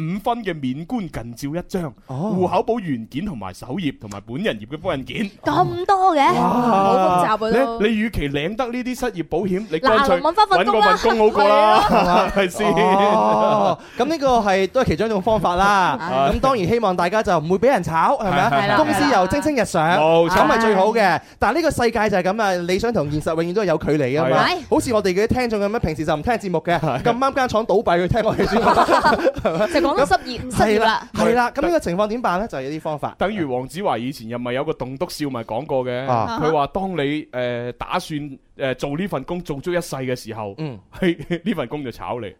五分嘅免冠近照一張，戶口簿原件同埋首頁同埋本人頁嘅複印件，咁多嘅，好複雜啊！你你，與其領得呢啲失業保險，你乾脆揾翻份工啦，揾個份工好過啦，係先。咁呢個係都係其中一種方法啦。咁當然希望大家就唔會俾人炒，係咪啊？公司又蒸蒸日上，冇炒係最好嘅。但係呢個世界就係咁啊！理想同現實永遠都係有距離㗎嘛。好似我哋嘅聽眾咁樣，平時就唔聽節目嘅，咁啱間廠倒閉，佢聽我哋節目係咪？講失業，那失業啦，係啦。咁呢個情況點辦呢？對就係有啲方法。等於黃子華以前又咪有個棟篤笑咪講過嘅，佢話、啊、當你誒、呃、打算。誒做呢份工做足一世嘅時候，嗯，呢份工就炒你，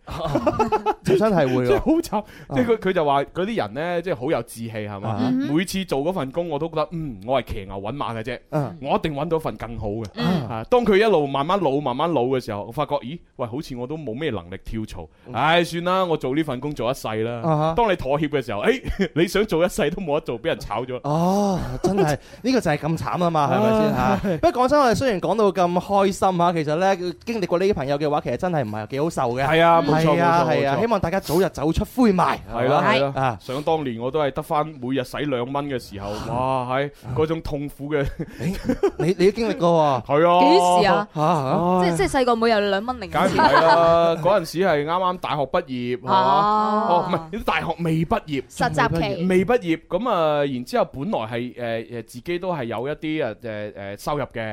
真係會，即係好慘，即係佢佢就話嗰啲人呢，即係好有志氣係嘛，每次做嗰份工我都覺得，嗯，我係騎牛揾馬嘅啫，我一定揾到份更好嘅，嗯，當佢一路慢慢老慢慢老嘅時候，我發覺，咦，喂，好似我都冇咩能力跳槽，唉，算啦，我做呢份工做一世啦，當你妥協嘅時候，誒，你想做一世都冇得做，俾人炒咗，哦，真係呢個就係咁慘啊嘛，係咪先吓？不過講真，我哋雖然講到咁開，心嚇，其實咧經歷過呢啲朋友嘅話，其實真係唔係幾好受嘅。係啊，冇錯，冇錯，冇錯。希望大家早日走出灰霾。係啦，係啦。啊，想當年我都係得翻每日使兩蚊嘅時候，哇，係嗰種痛苦嘅。你你都經歷過啊？係啊。幾時啊？嚇！即係即係細個每日兩蚊零。簡便啦，嗰陣時係啱啱大學畢業，係嘛？哦，唔係，大學未畢業實習期，未畢業。咁啊，然之後本來係誒誒自己都係有一啲誒誒誒收入嘅，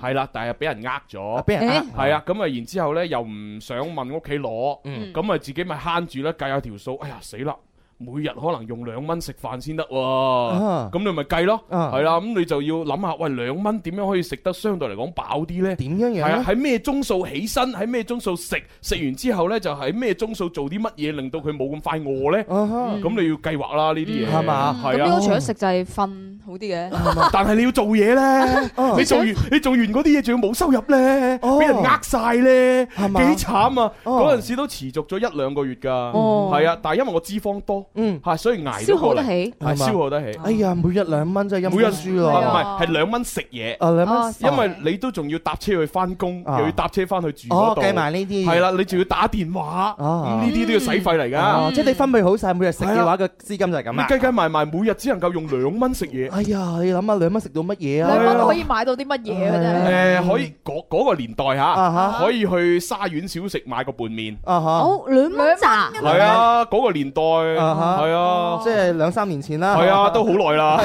係啦，但係俾人。呃咗，係啊，咁啊，然之後咧又唔想問屋企攞，咁啊自己咪慳住咧，計下條數。哎呀死啦，每日可能用兩蚊食飯先得喎，咁你咪計咯，係啦，咁你就要諗下，喂，兩蚊點樣可以食得相對嚟講飽啲咧？點樣樣？係啊，喺咩鐘數起身，喺咩鐘數食，食完之後咧就喺咩鐘數做啲乜嘢，令到佢冇咁快餓咧？咁你要計劃啦呢啲嘢，係嘛？咁我除咗食就係瞓。好啲嘅，但係你要做嘢咧，你做完你做完嗰啲嘢，仲要冇收入咧，俾人呃晒咧，幾慘啊！嗰陣時都持續咗一兩個月噶，係啊，但係因為我脂肪多，吓所以挨到去，消耗得起，消耗得起。哎呀，每日兩蚊即係一日輸啦，唔係係兩蚊食嘢，兩蚊，因為你都仲要搭車去翻工，又要搭車翻去住嗰度，計埋呢啲，係啦，你仲要打電話，咁呢啲都要使費嚟噶。即係你分配好晒每日食嘅話，個資金就係咁啦，計計埋埋，每日只能夠用兩蚊食嘢。哎呀，你諗下兩蚊食到乜嘢啊？兩蚊可以買到啲乜嘢啊？誒，可以嗰嗰個年代吓，可以去沙縣小食買個拌麵啊吓。好兩蚊咋？係啊，嗰個年代吓，係啊，即係兩三年前啦。係啊，都好耐啦。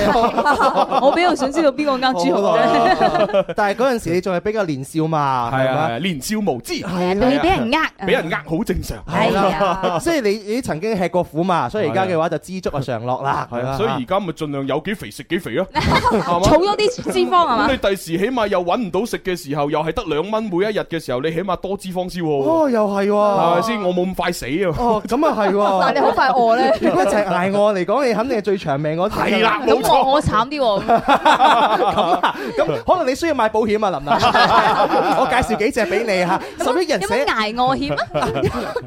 我比較想知道邊個呃豬好耐，但係嗰陣時你仲係比較年少嘛，係咪？年少無知，係啊，仲俾人呃，俾人呃好正常。係啊，即係你你曾經吃過苦嘛，所以而家嘅話就知足啊常樂啦。係啊，所以而家咪盡量有幾肥食幾。肥啊，儲咗啲脂肪啊，嘛？咁你第時起碼又搵唔到食嘅時候，又係得兩蚊每一日嘅時候，你起碼多脂肪先。哦，又係，係咪先？我冇咁快死啊！哦，咁啊係。但係你好快餓咧！如果成日捱餓嚟講，你肯定係最長命嗰啲。係啦，咁我我慘啲。咁啊，咁可能你需要買保險啊，林林。我介紹幾隻俾你吓，十一人死捱餓險啊！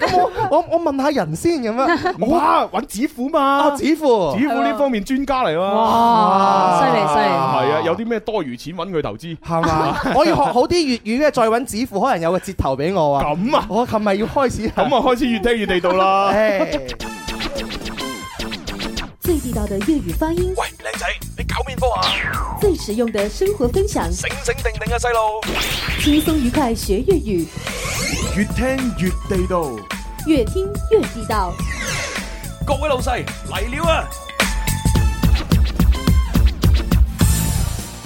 咁我我我問下人先，咁樣哇，搵子父嘛？指子指子呢方面專家嚟咯。哇！哇，犀利犀利！係啊，有啲咩多餘錢揾佢投資，係嘛？我要學好啲粵語咧，再揾指符，可能有個折頭俾我啊！咁啊，我琴日要開始，咁啊，開始越聽越地道啦！最地道嘅粵語發音。喂，靚仔，你搞面波啊？最實用嘅生活分享。醒醒定定啊，細路！輕鬆愉快學粵語，越聽越地道，越聽越地道。各位老細嚟了啊！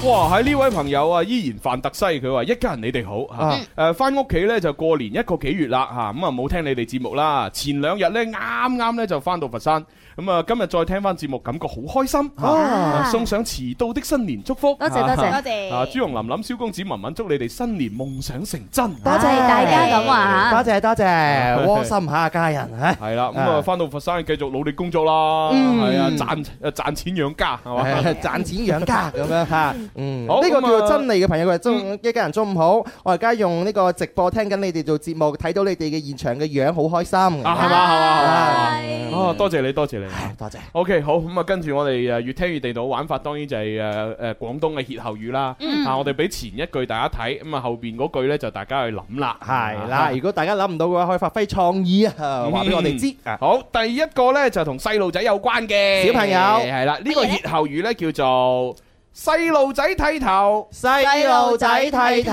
哇！喺呢位朋友啊，依然范特西，佢話一家人你哋好啊！誒，翻屋企咧就過年一個幾月啦吓，咁啊冇聽你哋節目啦。前兩日咧啱啱咧就翻到佛山，咁啊今日再聽翻節目，感覺好開心啊！送上遲到的新年祝福，多謝多謝多謝啊！朱紅林林、蕭公子文文，祝你哋新年夢想成真，多謝大家咁話，多謝多謝，窩心下家人係啦。咁啊翻到佛山繼續努力工作啦，係啊賺誒賺錢養家係嘛，賺錢養家咁樣吓。嗯，呢個叫做真理嘅朋友，佢係中一家人中午好。我而家用呢個直播聽緊你哋做節目，睇到你哋嘅現場嘅樣，好開心，係嘛？係哦，多謝你，多謝你，多謝。OK，好，咁啊，跟住我哋誒越聽越地道玩法，當然就係誒誒廣東嘅歇後語啦。啊，我哋俾前一句大家睇，咁啊後邊嗰句咧就大家去諗啦。係啦，如果大家諗唔到嘅話，可以發揮創意啊，話俾我哋知。好，第一個咧就同細路仔有關嘅小朋友係啦，呢個歇後語咧叫做。細路仔剃頭，細路仔剃頭，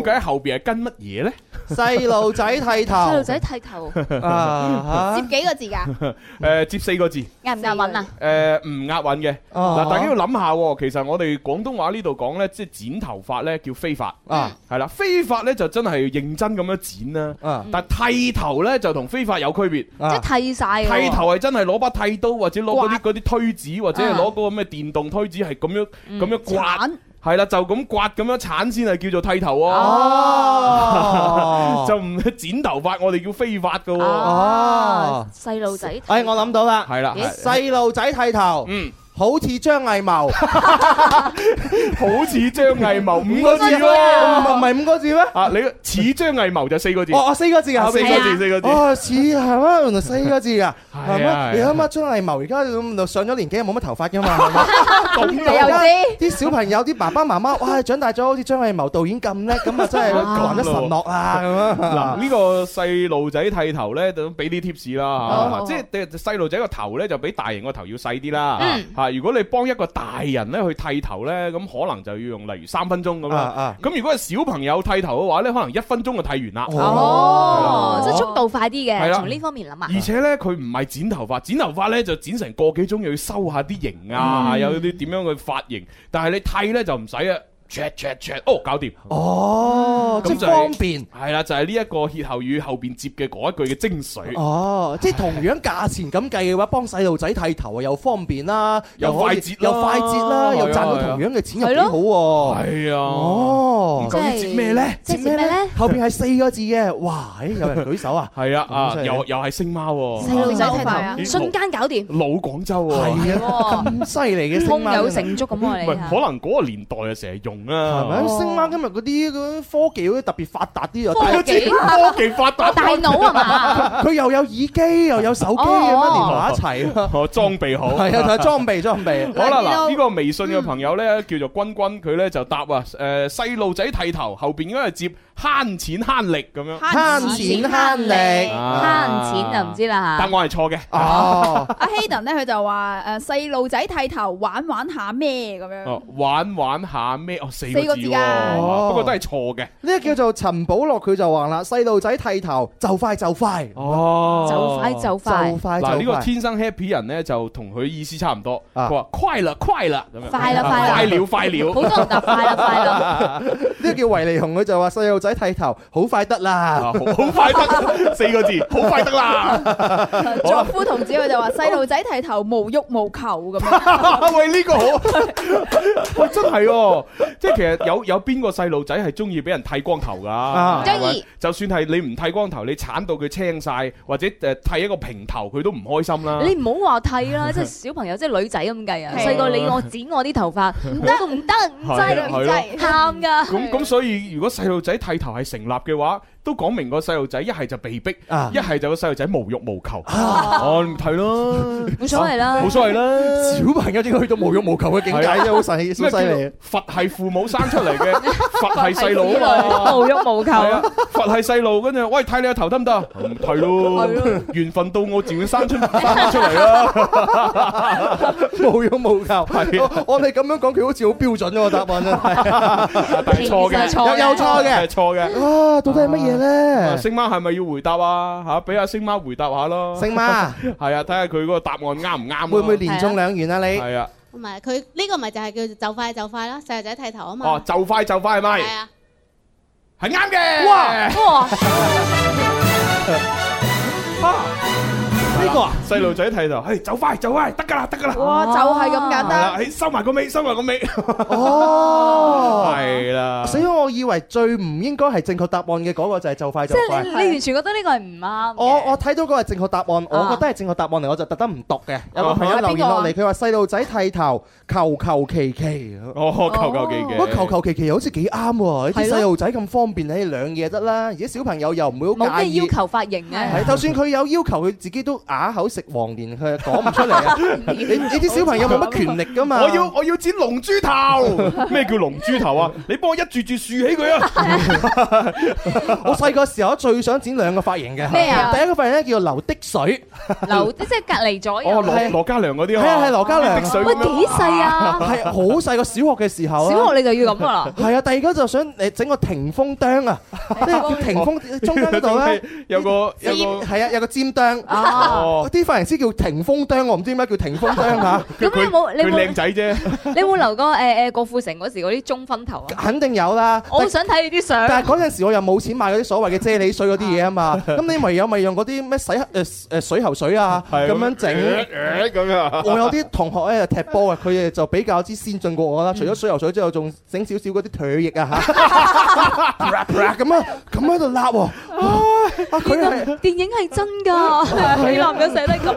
咁佢喺後邊係跟乜嘢咧？細路仔剃頭，細路仔剃頭， 嗯、接幾個字噶？誒、 呃，接四個字，押唔押韻啊？誒、呃，唔押韻嘅。嗱、uh，huh. 大家要諗下，其實我哋廣東話呢度講呢，即、就、係、是、剪頭髮呢，叫飛髮，係、huh. 啦，飛髮咧就真係認真咁樣剪啦。Uh huh. 但剃頭呢，就同飛髮有區別，即係剃晒剃頭係真係攞把剃刀，刀或者攞嗰啲啲推子、uh huh. 或者係攞嗰個咩電動推子係咁樣咁樣刮。Uh huh. 係啦，就咁刮咁樣鏟先係叫做剃頭啊！啊 就唔剪頭髮，我哋叫飛髮噶、啊。哦、啊，細路仔。剃頭哎，我諗到啦，係啦、欸，細路仔剃頭。嗯。好似張藝謀，好似張藝謀五個字咯，唔係唔係五個字咩？啊，你似張藝謀就四個字，哦，四個字啊，四個字，四個字，哦似係嘛，原來四個字噶，係啊，你諗下張藝謀而家咁上咗年紀又冇乜頭髮噶嘛，導演又啲，啲小朋友啲爸爸媽媽，哇，長大咗好似張藝謀導演咁叻，咁啊真係難得神落啊咁啊，嗱呢個細路仔剃頭咧，就俾啲 tips 啦吓，即係細路仔個頭咧就比大人個頭要細啲啦，嗯，係。如果你幫一個大人咧去剃頭咧，咁可能就要用例如三分鐘咁啦。咁、啊啊、如果係小朋友剃頭嘅話咧，可能一分鐘就剃完啦。哦，即係速度快啲嘅，係從呢的方面諗啊。而且咧，佢唔係剪頭髮，剪頭髮咧就剪成個幾鐘，又要修一下啲型啊，又要啲點樣嘅髮型。但係你剃咧就唔使啊。哦，搞掂，哦，即係方便，係啦，就係呢一個歇後語後邊接嘅嗰一句嘅精髓，哦，即係同樣價錢咁計嘅話，幫細路仔剃頭又方便啦，又快捷，又快捷啦，又賺到同樣嘅錢又幾好，係啊，哦，即係接咩咧？接咩咧？後邊係四個字嘅，哇，誒，有人舉手啊？係啊，啊，又又係星貓，係啊，細路仔剃頭，瞬間搞掂，老廣州啊，係啊，咁犀利嘅，胸有成竹咁啊，可能嗰個年代啊，成日用。係咪星媽今日嗰啲科技嗰啲特別發達啲啊？科技科技發達，大腦係嘛？佢又有耳機又有手機，連埋一齊，裝備好。係啊，裝備裝備。好啦，嗱，呢個微信嘅朋友咧叫做君君，佢咧就答啊，誒細路仔剃頭後邊應該係接慳錢慳力咁樣。慳錢慳力，慳錢就唔知啦嚇。但我係錯嘅。阿 Hayden 咧，佢就話誒細路仔剃頭玩玩下咩咁樣？玩玩下咩？四個字啊，不過都係錯嘅。呢個叫做陳寶樂，佢就話啦：細路仔剃頭就快就快哦，就快就快。嗱，呢個天生 happy 人咧，就同佢意思差唔多。佢話快啦快啦咁樣，快啦快啦，快啦快啦。好多人答：「快啦快啦。呢個叫維尼雄，佢就話細路仔剃頭好快得啦，好快得四個字，好快得啦。作夫同子佢就話細路仔剃頭無慾無求咁喂，呢個好，喂真係。即係其實有有邊個細路仔係中意俾人剃光頭㗎？唔中意？就算係你唔剃光頭，你鏟到佢青晒，或者誒剃一個平頭，佢都唔開心啦。你唔好話剃啦，即係小朋友，即係女仔咁計啊！細個你我剪我啲頭髮，唔得唔得，唔制唔制，喊㗎。咁咁所以如果細路仔剃頭係成立嘅話，都講明個細路仔一係就被逼，一係就個細路仔無欲無求。我唔剃咯，冇所謂啦，冇所謂啦。小朋友點去到無欲無求嘅境界咧？好細，好犀利。佛係父母生出嚟嘅，佛係細路啊嘛，無欲無求。佛係細路，跟住喂剃你個頭得唔得啊？唔剃咯，緣分到我自然生出出嚟啦。無欲無求，我我哋咁樣講佢好似好標準嘅答案真係，錯嘅，有錯嘅，錯嘅。哇，到底係乜嘢？啦，星媽係咪要回答啊？吓，俾阿星媽回答下咯。星媽，係啊，睇下佢嗰個答案啱唔啱？會唔會連中兩元啊？你係啊，唔係佢呢個咪就係叫就快就快咯，細路仔剃頭啊嘛。哦，就快就快係咪？係啊，係啱嘅。哇哇。啊！呢個啊，細路仔剃頭，係走快走快，得㗎啦，得㗎啦。哇，就係咁簡單。係，收埋個尾，收埋個尾。哦，係啦。所以，我以為最唔應該係正確答案嘅嗰個就係走快走快。即係你，你完全覺得呢個係唔啱。我我睇到嗰個係正確答案，我覺得係正確答案嚟，我就特登唔讀嘅。有個朋友留言落嚟，佢話細路仔剃頭，求求其其。哦，求求其其。不過求求其其又好似幾啱喎，啲細路仔咁方便，起兩嘢得啦。而且小朋友又唔會好冇咩要求髮型啊。係，就算佢有要求，佢自己都。啞口食黃連，佢又講唔出嚟啊！你唔知啲小朋友冇乜權力噶嘛？我要我要剪龍豬頭。咩叫龍豬頭啊？你幫我一住住豎起佢啊！我細個時候最想剪兩個髮型嘅。咩啊？第一個髮型叫做流的水，流即係隔籬咗，哦，羅羅嘉良嗰啲。係啊係，羅嘉良的水。喂，幾細啊？係好細個小學嘅時候啊。小學你就要咁噶啦？係啊，第二個就想誒整個霆風釘啊，即係霆風中間度咧有個有係啊有個尖釘。哦，啲髮型師叫停風釘，我唔知點解叫停風釘吓。咁你冇，你會靚仔啫。你會留個誒誒郭富城嗰時嗰啲中分頭啊？肯定有啦，我想睇你啲相。但係嗰陣時我又冇錢買嗰啲所謂嘅啫喱水嗰啲嘢啊嘛。咁你咪有咪用嗰啲咩洗誒誒水喉水啊咁樣整。咁啊！我有啲同學咧踢波啊，佢哋就比較之先進過我啦。除咗水喉水之後，仲整少少嗰啲腿液啊吓。咁啊，咁喺度立。啊，佢係電影係真噶。咁捨得噉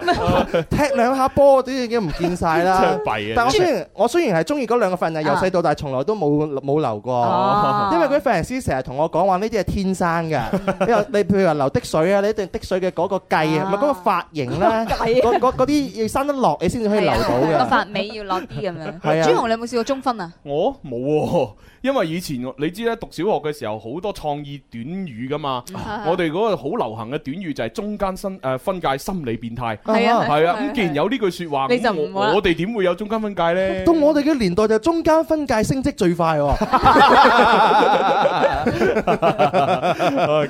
樣踢兩下波，啲已經唔見晒啦。但我雖然我雖然係中意嗰兩個髮型，由細到大從來都冇冇留過，因為佢啲髮型師成日同我講，話呢啲係天生㗎。你話你譬如話流滴水啊，你一定滴水嘅嗰個計啊，唔係嗰個髮型啦，嗰啲要生得落，你先至可以留到嘅。個髮尾要落啲咁樣。朱紅，你有冇試過中分啊？我冇喎，因為以前你知啦，讀小學嘅時候好多創意短語㗎嘛。我哋嗰個好流行嘅短語就係中間分誒分界心理變態係啊係啊咁，既然有呢句說話，你就我哋點會有中間分界咧？到我哋嘅年代就中間分界升職最快。咁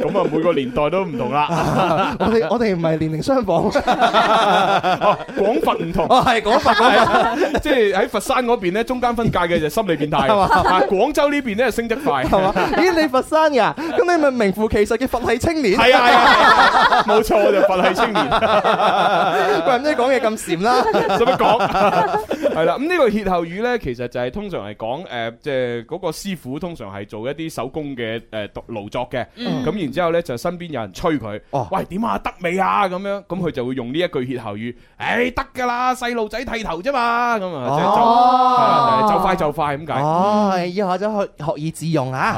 啊，每個年代都唔同啦。我哋我哋唔係年齡相仿，廣佛唔同。哦，係廣佛，即係喺佛山嗰邊咧，中間分界嘅就心理變態啊！廣州呢邊咧升職快係嘛？咦，你佛山噶？咁你咪名副其實嘅佛系青年？係啊係啊，冇錯，就佛系青年。喂，唔好講嘢咁纏啦，使乜講？係啦，咁呢個歇後語咧，其實就係通常係講誒，即係嗰個師傅通常係做一啲手工嘅誒勞作嘅，咁然之後咧就身邊有人催佢，喂，點啊？得未啊？咁樣，咁佢就會用呢一句歇後語，誒，得噶啦，細路仔剃頭啫嘛，咁啊，就快就快咁解。哦，要學咗學學以自用啊。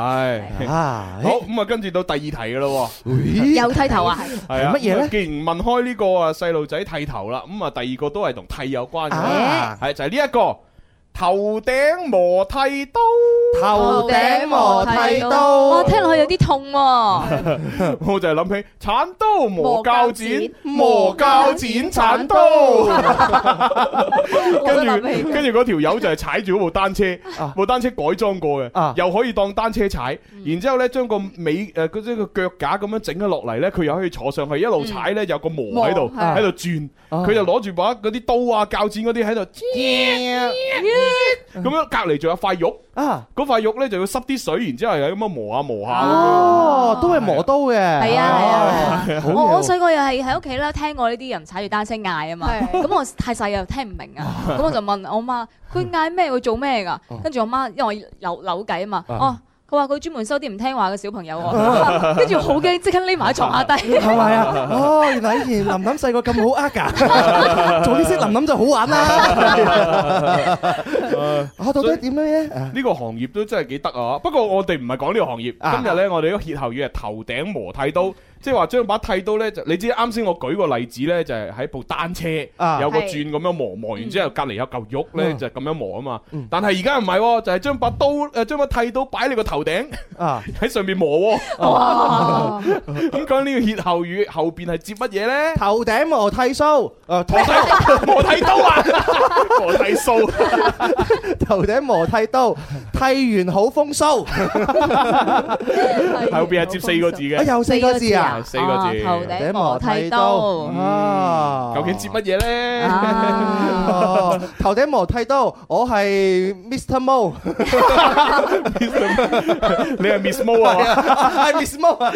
係啊，好，咁啊，跟住到第二題噶咯。咦？又剃頭啊？係乜嘢咧？既然問開呢個。細路仔剃頭啦，咁、嗯、啊第二個都係同剃有關嘅，係、啊、就係呢一個。頭頂磨剃刀，頭頂磨剃刀，我聽落去有啲痛喎、啊。 我就係諗起鏟刀磨鉸剪，磨鉸剪鏟刀。跟住跟住嗰條友就係踩住嗰部單車，部單車改裝過嘅，又可以當單車踩。然之後咧，將個尾誒嗰腳架咁樣整咗落嚟，呢佢又可以坐上去，一路踩，呢有個磨喺度喺度轉，佢就攞住把嗰啲刀啊鉸剪嗰啲喺度。咁樣隔籬仲有塊肉，啊，嗰塊肉咧就要濕啲水，然之後又咁樣磨下磨下。哦，咁樣，都係磨刀嘅。係啊係啊，我我細個又係喺屋企啦，聽過呢啲人踩住單車嗌啊嘛。咁我太細又聽唔明啊，咁我就問我媽，佢嗌咩佢做咩噶？跟住我媽，因為我扭扭計啊嘛。哦、啊。佢話佢專門收啲唔聽話嘅小朋友喎，跟住好驚，即刻匿埋喺床下低。係咪啊？哦，原來以前琳琳細個咁好呃噶，做啲識琳琳就好玩啦。啊，到底點樣嘅？呢個行業都真係幾得啊！不過我哋唔係講呢個行業，今日咧我哋呢個歇後語係頭頂磨剃刀。即係話將把剃刀咧，就你知啱先我舉個例子咧，就係、是、喺部單車有個轉咁樣磨，磨完之後，隔籬有嚿肉咧就咁樣磨啊嘛。但係而家唔係，就係將把刀誒，將把剃刀擺你個頭頂喺、啊、上面磨。咁講呢個歇後語後邊係接乜嘢咧？頭頂磨剃鬚、啊，誒， 磨剃刀啊，磨剃鬚。頭頂磨剃刀，剃完好風騷。後邊係接四個字嘅，啊、又有四個字啊。啊四個字，頭頂磨剃刀，究竟接乜嘢咧？頭頂磨剃刀，我係 Mr. Mo，你係 Miss Mo 啊？係 Miss Mo 啊？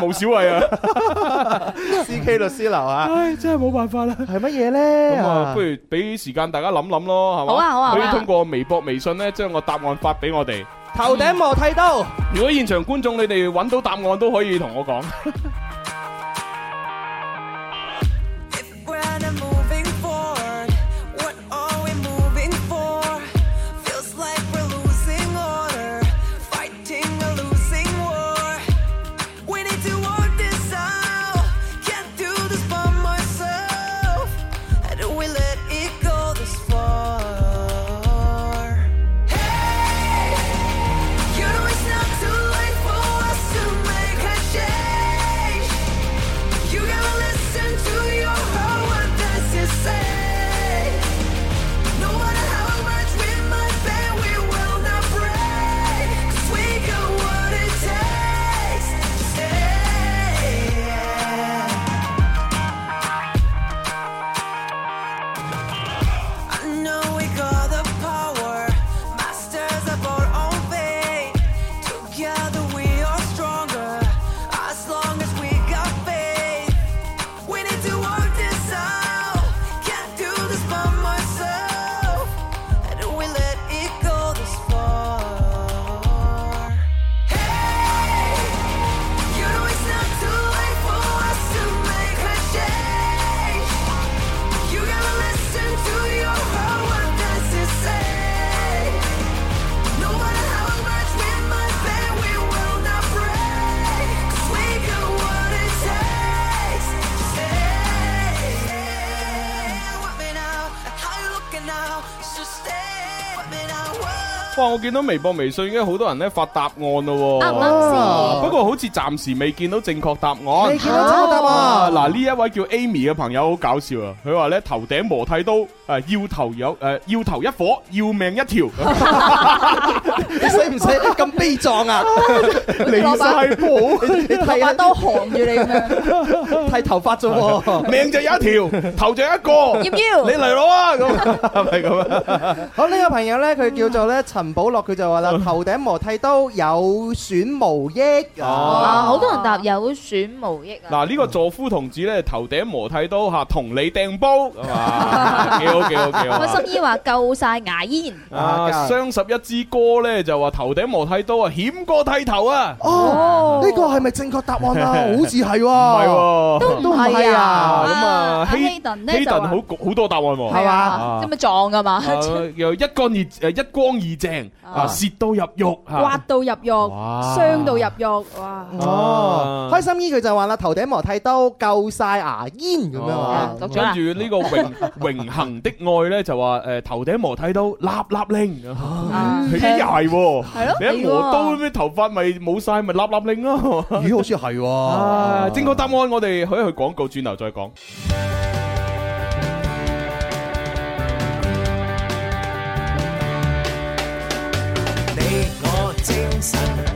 毛小慧啊？C K 律師樓啊？唉，真係冇辦法啦，係乜嘢咧？咁啊，不如俾時間大家諗諗咯，係嘛？好啊，好啊，可以通過微博、微信咧，將個答案發俾我哋。頭頂磨剃刀。嗯、如果現場觀眾，你哋揾到答案都可以同我講。 我見到微博、微信，已經好多人咧發答案咯。啊、不過好似暫時未見到正確答案。未見到正確答案。嗱、啊，呢一位叫 Amy 嘅朋友好搞笑啊！佢話咧：頭頂磨剃刀，誒，要頭有，誒，要頭一火，要命一條。你使唔使咁悲壯啊？你老細，剃髮刀都寒住你咁樣。剃頭髮啫， 命就有一條， 頭就一個，要唔要？你嚟攞啊！咁係咪咁啊？好，呢個朋友咧，佢叫做咧陳寶樂，佢就話啦：頭頂磨剃刀，有損無益啊！好、啊啊、多人答有損無益啊！嗱、啊，呢、這個助夫同志咧，頭頂磨剃刀吓，同、啊、你掟煲係幾好幾好幾好！個心醫話夠晒牙煙啊！雙十一支歌咧就話頭頂磨剃刀啊，險過剃頭啊！啊哦，呢、這個係咪正確答案啊？好似係係喎。 都唔係啊，咁啊希頓咧就好好多答案喎，係嘛？咁咪撞噶嘛？又一乾二誒一光二淨啊，蝕到入肉，刮到入肉，傷到入肉，哇！哦，開心呢句就話啦，頭頂磨剃刀，夠晒牙煙咁樣啊。跟住呢個榮榮恒的愛咧就話誒，頭頂磨剃刀，立立令吓，又係係咯，你一磨刀咩頭髮咪冇晒咪立立令咯？咦，好似係喎，正確答案我。我哋可以去廣告轉頭再講。你我精神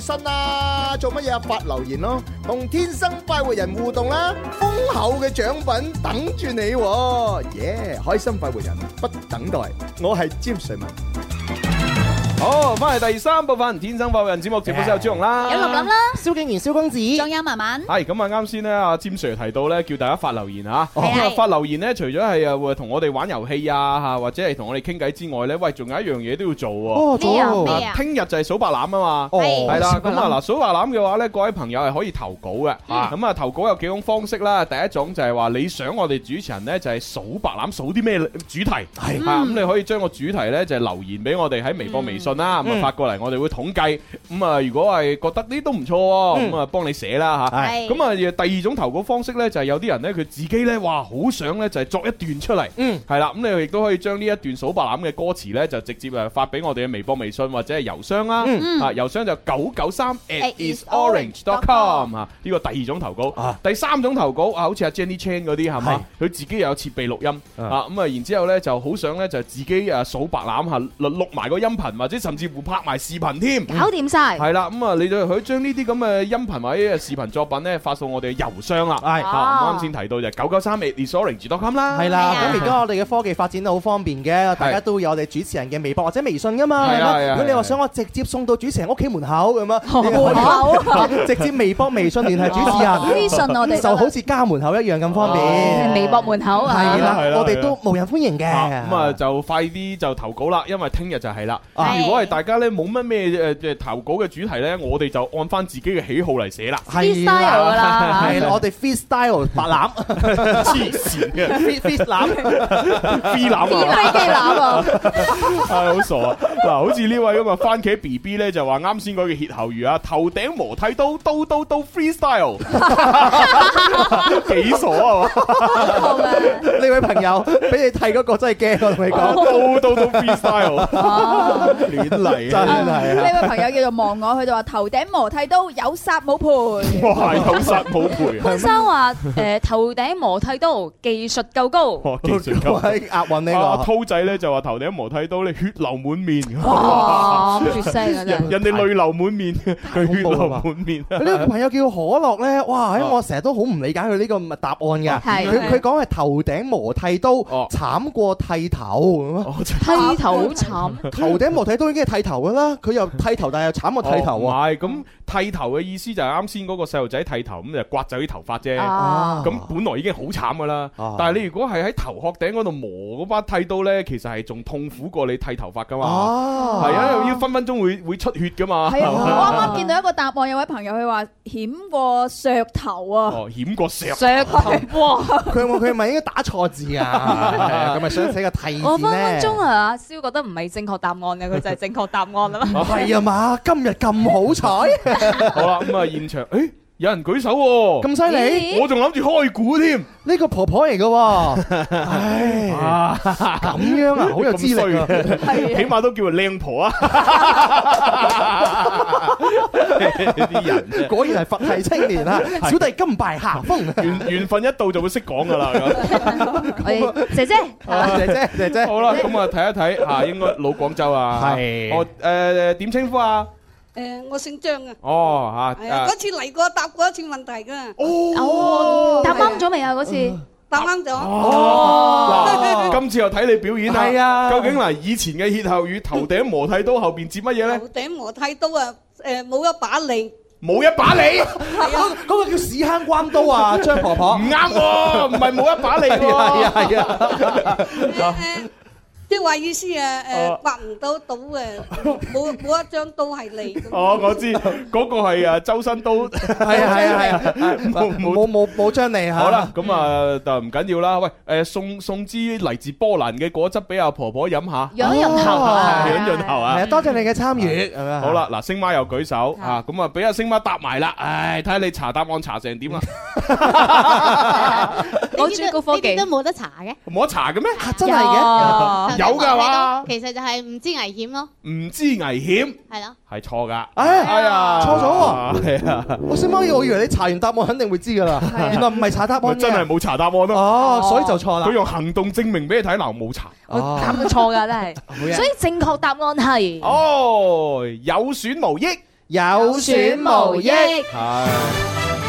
身啦，做乜嘢啊？發留言咯，同天生快活人互動啦，豐厚嘅獎品等住你，耶，yeah！開心快活人，不等待，我係詹瑞文。好，翻嚟第三部分《天生快活人》節目。直播室有朱紅啦，有林林啦，蕭敬仁、蕭公子、張欣慢慢係咁啊！啱先咧啊，詹 Sir 提到咧，叫大家發留言啊。係發留言咧，除咗係啊，會同我哋玩遊戲啊，嚇或者係同我哋傾偈之外咧，喂，仲有一樣嘢都要做喎。做。嗱，聽日就係數白欖啊嘛。係。係啦，咁啊嗱，數白欖嘅話咧，各位朋友係可以投稿嘅。啊。咁啊，投稿有幾種方式啦。第一種就係話你想我哋主持人咧，就係數白欖數啲咩主題係。咁你可以將個主題咧就係留言俾我哋喺微博、微信。啦，咁啊發過嚟，我哋會統計。咁啊如果係覺得呢都唔錯，咁啊幫你寫啦吓，係的，咁啊第二種投稿方式咧，就係、是、有啲人咧佢自己咧，哇好想咧就係、是、作一段出嚟，嗯，嗯係啦，咁你亦都可以將呢一段數白欖嘅歌詞咧就直接誒發俾我哋嘅微博、微信或者係郵箱啦，嗯、啊郵箱就九九三 at isorange.com 吓，呢個第二種投稿。啊第三種投稿啊好似阿 Jenny Chan 嗰啲係咪佢自己又有設備錄音啊咁啊，嗯嗯，然之後咧就好想咧就自己誒數白欖吓錄埋個音頻或者甚至乎拍埋視頻添，搞掂晒！係啦。咁啊，你就將呢啲咁嘅音頻或者視頻作品咧發送我哋郵箱啦。係啱先提到就九九三微，e s o l v i n 啦。係啦。咁而家我哋嘅科技發展都好方便嘅，大家都有我哋主持人嘅微博或者微信噶嘛。係啊係啊。咁你話想我直接送到主持人屋企門口咁啊？門口直接微博微信聯繫主持人，微信我哋就好似家門口一樣咁方便。微博門口係啦，我哋都無人歡迎嘅。咁啊，就快啲就投稿啦，因為聽日就係啦。所以大家咧冇乜咩誒誒投稿嘅主題咧，我哋就按翻自己嘅喜好嚟寫啦。 free style 啦，係我哋 Free style 拔攬，黐線嘅，free free 攬，free 攬，飛機攬啊，係好傻啊！嗱，好似呢位咁啊，番茄 BB 咧就話啱先嗰個歇後語啊，頭頂磨剃刀，刀刀刀 free style，幾 傻啊的！呢 嗎 位朋友俾你剃嗰個真係驚啊！同你講，刀刀刀 free style。 典例真係啊！呢位朋友叫做望我，佢就話：頭頂磨剃刀，有殺冇賠。哇！有殺冇賠。潘生話：誒，頭頂磨剃刀，技術夠高。哇！技術夠高。押韻呢個。啊！濤仔咧就話：頭頂磨剃刀咧，血流滿面。哇！人哋淚流滿面，佢血流滿面。呢個朋友叫可樂咧，哇！我成日都好唔理解佢呢個答案㗎。係。佢佢講係頭頂磨剃刀，慘過剃頭。哦。剃頭好慘。頭頂磨剃刀。梗係剃頭噶啦，佢又剃頭，但係又慘過剃頭係咁、哦、剃頭嘅意思就係啱先嗰個細路仔剃頭，咁就刮走啲頭髮啫。咁、啊、本來已經好慘噶啦，啊、但係你如果係喺頭殼頂嗰度磨嗰把剃刀咧，其實係仲痛苦過你剃頭髮噶嘛？係啊，又要分分鐘會會出血噶嘛？係啊！我啱啱見到一個答案，有位朋友佢話險過削頭啊！哦，險過削削頭哇！佢佢係咪應該打錯字啊？咁咪、 啊、想寫個剃字我分分鐘阿、啊、蕭覺得唔係正確答案嘅，佢就。係正確答案啦嘛，係啊嘛，今日咁 好彩。好、嗯、啦，咁啊現場，誒、欸，有人舉手喎、啊，咁犀利，欸、我仲諗住開估添、啊，呢個婆婆嚟噶、啊， 唉，咁、啊、樣啊，好有資歷啊， 起碼都叫佢靚婆啊。 啲人果然係佛系青年啊！小弟金敗下風，緣緣分一到就會識講噶啦。咁，姐姐，姐姐，姐姐，好啦，咁啊，睇一睇啊，應該老廣州啊，係我誒，點稱呼啊？誒，我姓張啊。哦，吓，嗰次嚟過答過一次問題噶。哦，答啱咗未啊？嗰次答啱咗。哦，今次又睇你表演啊！係啊，究竟嗱，以前嘅歇後語，頭頂磨剃刀後邊接乜嘢咧？頭頂磨剃刀啊！誒冇一把利，冇一把利，嗰嗰個叫屎坑關刀啊！張婆婆唔啱喎，唔係冇一把利喎。係啊。 即係話意思啊，誒，刮唔到刀嘅，冇冇一張刀係利。哦，我知，嗰個係啊，周身刀，係啊係啊係，冇冇冇冇張利吓。好啦，咁啊就唔緊要啦。喂，誒，送送支嚟自波蘭嘅果汁俾阿婆婆飲下。養潤喉啊，潤潤喉啊。係啊，多謝你嘅參與。好啦，嗱，星媽又舉手啊，咁啊，俾阿星媽答埋啦。唉，睇下你查答案查成點啊。呢邊都冇得查嘅，冇得查嘅咩？真係嘅，有噶嘛？其實就係唔知危險咯，唔知危險係咯，係錯噶，哎呀，錯咗，係啊！我先可以，我以為你查完答案肯定會知噶啦，原來唔係查答案，真係冇查答案咯，哦，所以就錯啦。佢用行動證明俾你睇嗱，冇查，答錯噶真係，所以正確答案係哦，有損無益，有損無益，係。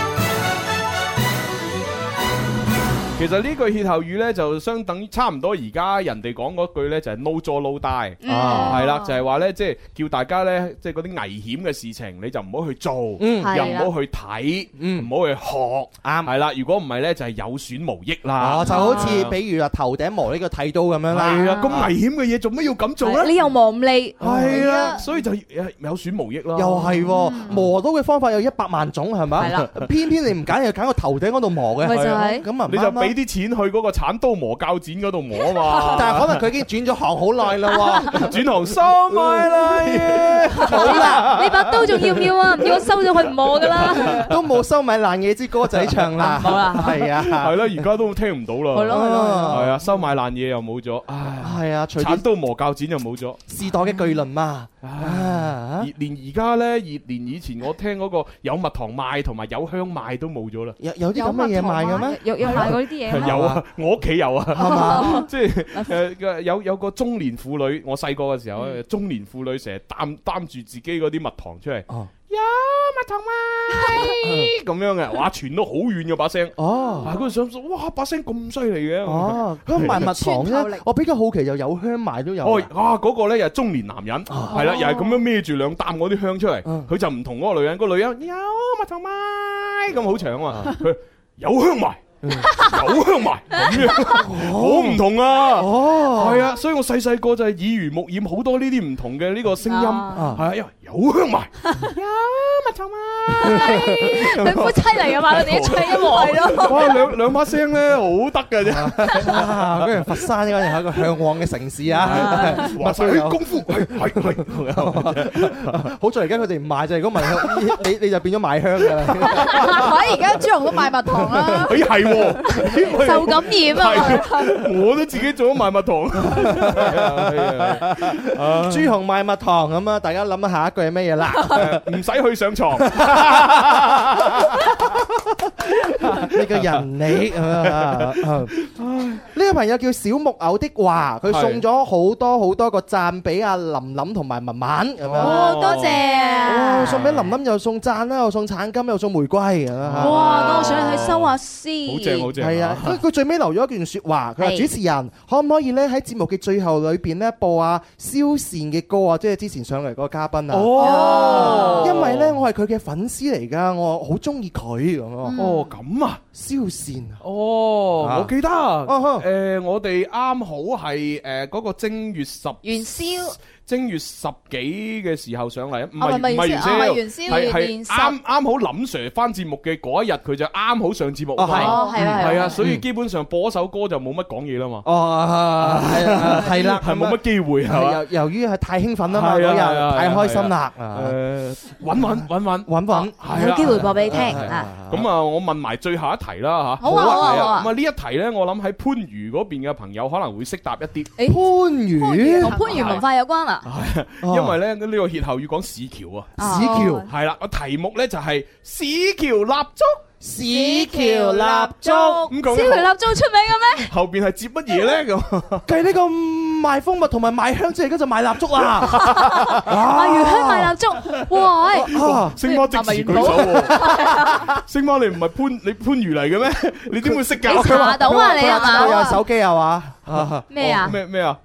其實呢句歇後語咧就相等於差唔多而家人哋講嗰句咧就係 no 作 no die，係啦，就係話咧即係叫大家咧即係嗰啲危險嘅事情你就唔好去做，又唔好去睇，唔好去學，啱，係啦。如果唔係咧就係有損無益啦。就好似比如話頭頂磨呢個剃刀咁樣啦。係啊，咁危險嘅嘢做咩要咁做咧？你又磨唔利。係啊，所以就有損無益咯。又係，磨刀嘅方法有一百萬種係咪？係啦，偏偏你唔揀，又揀個頭頂嗰度磨嘅，咁啊你就俾。呢啲錢去嗰個鏟刀磨鉸剪嗰度磨啊嘛，但係可能佢已經轉咗行好耐啦，哇！轉行收買啦，好啦，你把刀仲要唔要啊？唔要我收咗佢唔磨㗎啦，都冇收買爛嘢，支歌仔唱啦，好啊，係啊，係啦，而家都聽唔到啦，係咯，係啊，收買爛嘢又冇咗，唉，係啊，鏟刀磨鉸剪又冇咗，時代嘅巨輪嘛，而連而家咧，而連以前我聽嗰個有蜜糖賣同埋有香賣都冇咗啦，有有啲咁嘅嘢賣嘅咩？有有賣啲。有啊，我屋企有啊，即係誒，有有個中年婦女，我細個嘅時候咧，中年婦女成日擔擔住自己嗰啲蜜糖出嚟，有蜜糖賣，咁樣嘅，哇，傳到好遠嘅把聲，啊，嗰個叔叔，哇，把聲咁犀利嘅，香埋蜜糖咧，我比較好奇，又有香埋都有，哦，嗰個咧又係中年男人，係啦，又係咁樣孭住兩啖嗰啲香出嚟，佢就唔同嗰個女人，個女人有蜜糖賣，咁好搶啊，佢有香埋。有香埋，好唔同啊！哦，係啊，所以我細細個就係耳濡目染好多呢啲唔同嘅呢個聲音，係啊，因為有香埋，呀乜臭嘛，對夫妻嚟噶嘛，佢哋己吹一鑊係咯，哇，兩兩把聲咧好得嘅啫，咁跟住佛山呢個係一個向往嘅城市啊，嗱，所以啲功夫鬼係咪？好在而家佢哋唔賣就係，如果香。你你就變咗賣香噶啦，睇而家豬紅都賣蜜糖啦，誒係。哎、受感染啊 ！我都自己做咗賣蜜糖。朱紅賣蜜糖咁啊！大家諗下下一句係咩嘢啦？唔使 去上床。呢個人你呢、 啊呢個朋友叫小木偶的話，佢送咗好多好多個讚俾阿林琳同埋文文咁樣。的哦，多謝啊！送俾林琳又送讚啦，又送橙金，又送玫瑰。啊啊、哇！我想去收下、啊、先。係啊，啊，佢最尾留咗一段説話，佢話主持人是可唔可以呢？喺節目嘅最後裏邊呢，播阿蕭倩嘅歌啊，歌即係之前上嚟個嘉賓啊。哦，因為呢，我係佢嘅粉絲嚟噶，我好中意佢咁哦，咁啊，蕭倩善啊，哦，我記得，誒、啊哦嗯呃，我哋啱好係誒嗰個正月十元宵。正月十幾嘅時候上嚟啊，唔係唔係，原先係啱啱好林 Sir 翻節目嘅嗰一日，佢就啱好上節目，係啊，係啊，所以基本上播首歌就冇乜講嘢啦嘛，哦，係啦，係啦，係冇乜機會由由於係太興奮啦嘛，太開心啦，誒，揾揾揾揾揾有機會播俾你聽咁啊，我問埋最後一題啦嚇，好啊好啊好啊，咁啊呢一題咧，我諗喺番禺嗰邊嘅朋友可能會識答一啲，番禺同番禺文化有關啦。因為咧呢個歇後語講市橋啊，市橋係啦。個題目咧就係市橋蠟燭，市橋蠟燭，市橋蠟燭出名嘅咩？後邊係接乜嘢咧咁？計呢個賣蜂蜜同埋賣香脂，而家就賣蠟燭啦。賣魚香賣蠟燭，喂！星媽即時舉手。星媽你唔係潘你番禺嚟嘅咩？你點會識噶？佢話到啊你啊嘛？又係手機啊，嘛？咩啊？咩咩啊？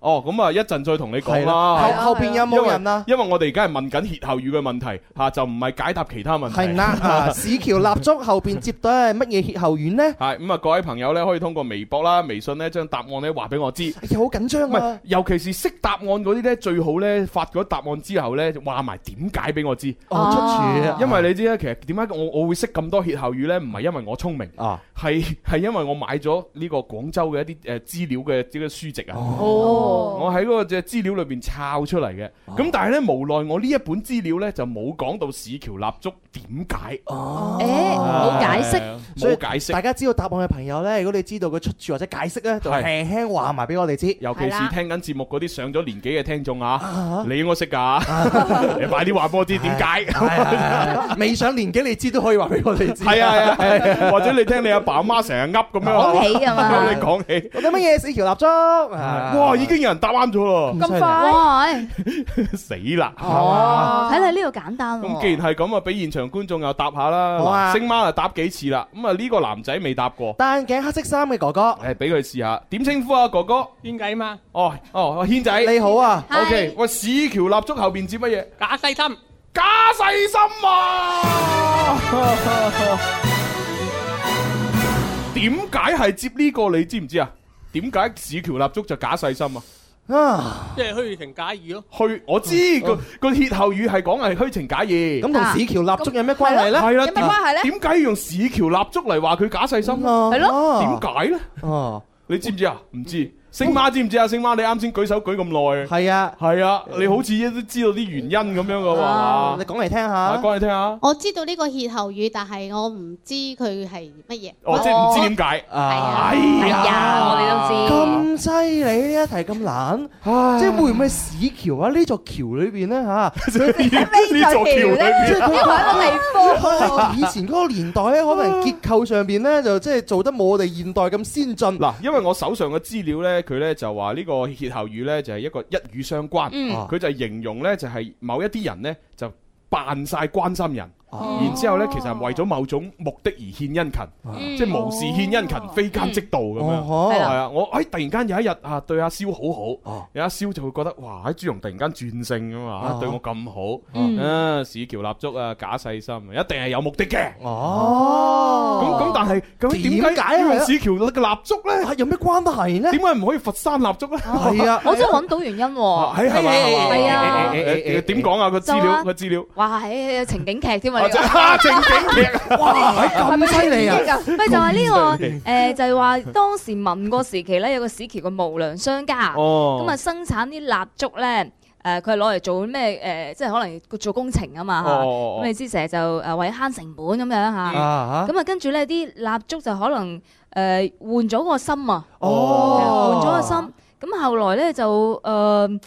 哦，咁啊，一陣再同你講啦。後後邊有冇人啊？因為我哋而家係問緊歇後語嘅問題，嚇就唔係解答其他問題。係啦，市橋蠟燭後邊接對係乜嘢歇後語呢？係咁啊，各位朋友呢，可以通過微博啦、微信呢，將答案呢話俾我知。又好緊張啊！唔係，尤其是識答案嗰啲呢，最好呢，發咗答案之後呢，就話埋點解俾我知。哦，出處。因為你知咧，其實點解我我會識咁多歇後語呢？唔係因為我聰明啊，係係因為我買咗呢個廣州嘅一啲誒資料嘅啲書籍啊。哦。我喺嗰個隻資料裏邊抄出嚟嘅。咁但係咧，無奈我呢一本資料咧就冇講到市橋蠟燭點解哦，冇解釋，冇解釋。大家知道答案嘅朋友咧，如果你知道佢出處或者解釋咧，就輕輕話埋俾我哋知。尤其是聽緊節目嗰啲上咗年紀嘅聽眾啊，你應該識噶，你快啲話俾我知點解。係係係，未上年紀你知都可以話俾我哋知。係啊係啊，或者你聽你阿爸阿媽成日噏咁樣講起啊。啊，你講起講乜嘢市橋蠟燭？哇，已經。啲人答啱咗咯，咁快死啦！睇嚟呢度簡單。咁既然係咁啊，俾現場觀眾又答下啦。星媽啊，答幾次啦？咁啊呢個男仔未答過。戴眼鏡黑色衫嘅哥哥，誒，俾佢試下點稱呼啊哥哥？軒仔嘛？哦哦，軒仔，你好啊。OK，喂，市橋蠟燭後邊接乜嘢？假細心，假細心啊！點解係接呢個？你知唔知啊？點解市橋蠟燭就假細心啊？啊，即係虛情假意咯。虛，我知個個歇後語係講係虛情假意。咁同市橋蠟燭有咩關係咧？係啦，有咩關係咧？點解要用市橋蠟燭嚟話佢假細心咧？係咯，點解咧？哦，你知唔知啊？唔知。星媽知唔知啊？星媽，你啱先舉手舉咁耐，係啊係啊！你好似都知道啲原因咁樣嘅喎，你講嚟聽下，講嚟聽下。我知道呢個歇後語，但係我唔知佢係乜嘢。我即係唔知點解。係啊，我哋都知。咁犀利呢一題咁難，即係會唔會市橋啊？呢座橋裏邊咧吓，呢座橋咧，即係可能一個微科。以前嗰個年代咧，可能結構上邊咧就即係做得冇我哋現代咁先進。嗱，因為我手上嘅資料咧。佢咧就話呢個歇後語咧就係、是、一個一語相關，佢、嗯、就係形容咧就係、是、某一啲人咧就扮曬關心人。然之後咧，其實係為咗某種目的而獻殷勤，即係無事獻殷勤，非奸即盜咁樣，係啊！我哎突然間有一日啊，對阿蕭好好，有阿蕭就會覺得哇，喺朱容突然間轉性噶嘛，對我咁好啊！市橋蠟燭啊，假細心，一定係有目的嘅。哦，咁咁但係咁點解呢個市橋嘅蠟燭咧，係有咩關係咧？點解唔可以佛山蠟燭咧？係啊，我真係搵到原因喎。係嘛？係啊，點講啊？個資料個資料，哇！係情景劇添。就係差隻眼，哇！係咪犀利啊？咪就係呢個誒，就係話當時民國時期咧，有個市橋個無良商家，咁啊生產啲蠟燭咧，誒佢係攞嚟做咩？誒即係可能做工程啊嘛嚇，咁你知成日就誒為慳成本咁樣嚇，咁啊跟住咧，啲蠟燭就可能誒換咗個芯啊，換咗個芯，咁後來咧就誒。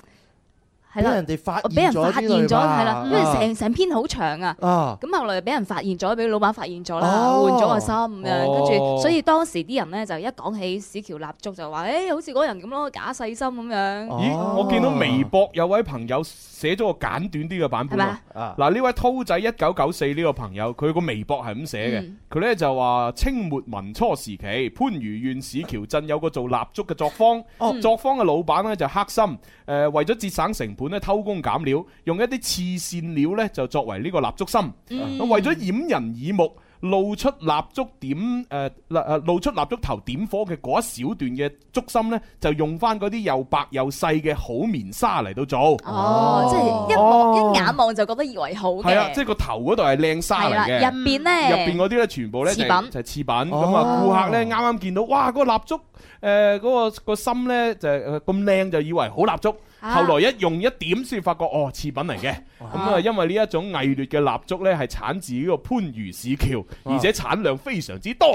係啦，人哋發現咗，係啦，因為成成篇好長啊。咁後來俾人發現咗，俾老闆發現咗啦，換咗個心咁樣。跟住，所以當時啲人咧就一講起市橋蠟燭，就話，誒，好似嗰人咁咯，假細心咁樣。咦，我見到微博有位朋友寫咗個簡短啲嘅版本。嗱，呢位濤仔一九九四呢個朋友，佢個微博係咁寫嘅。佢咧就話：清末民初時期，番禺縣市橋鎮有個做蠟燭嘅作坊。作坊嘅老闆咧就黑心。誒，為咗節省成本。本偷工減料，用一啲次線料呢就作為呢個蠟燭芯。咁、嗯、為咗掩人耳目，露出蠟燭點誒嗱、呃、露出蠟燭頭點火嘅嗰一小段嘅燭芯呢，就用翻嗰啲又白又細嘅好棉紗嚟到做。哦，哦即係一望、哦、一眼望就覺得以為好嘅。係、啊、即係個頭嗰度係靚紗嚟嘅。入邊、啊、呢，入邊嗰啲呢全部呢、就係，就係次品，咁啊、哦，顧客呢啱啱見到哇、嗰個蠟燭誒嗰、呃嗰個芯呢就係咁靚就以為好蠟燭。後來一用一點先發覺哦，次品嚟嘅。咁啊，因為呢一種偽劣嘅蠟燭咧，係產自呢個番禺市橋，而且產量非常之多。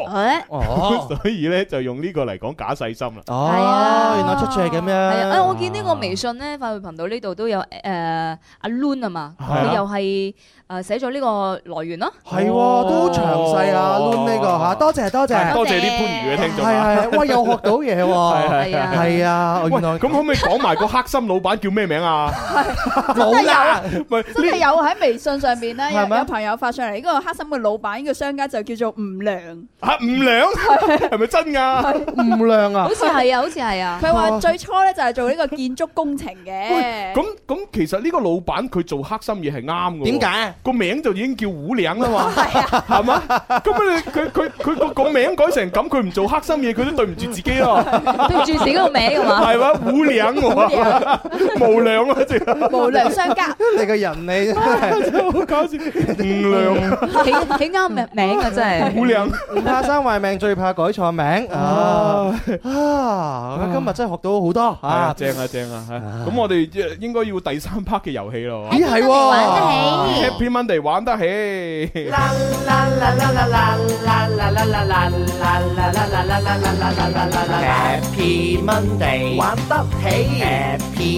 所以咧就用呢個嚟講假細心啦。哦，原來出處係咁樣。係啊，我見呢個微信咧，快活頻道呢度都有誒阿 Lun 啊嘛，佢又係誒寫咗呢個來源咯。係，都好詳細啊！Lun 呢個嚇，多謝多謝多謝啲番禺嘅聽眾。係係，又學到嘢喎。係啊，係啊。咁可唔可以講埋個黑心佬？.老闆叫咩名啊？真係有，真係有喺微信上邊咧，有朋友發上嚟，呢個黑心嘅老闆，呢個商家就叫做吳良。吓，吳良係咪真噶？吳良啊，好似係啊，好似係啊。佢話最初咧就係做呢個建築工程嘅。咁咁，其實呢個老闆佢做黑心嘢係啱嘅。點解？個名就已經叫吳良啦嘛，係嘛？咁啊，佢佢佢個個名改成咁，佢唔做黑心嘢，佢都對唔住自己咯，對唔住自己個名噶嘛？係嘛，吳良。無良啊！無良商家，你個人你真係好搞笑，唔良，起起啱名啊！真係，無良，唔怕生壞命，最怕改錯名啊！啊，今日真係學到好多啊！正啊正啊，咁我哋應該要第三 part 嘅遊戲咯。咦係喎，玩得起，Happy Monday 玩得起。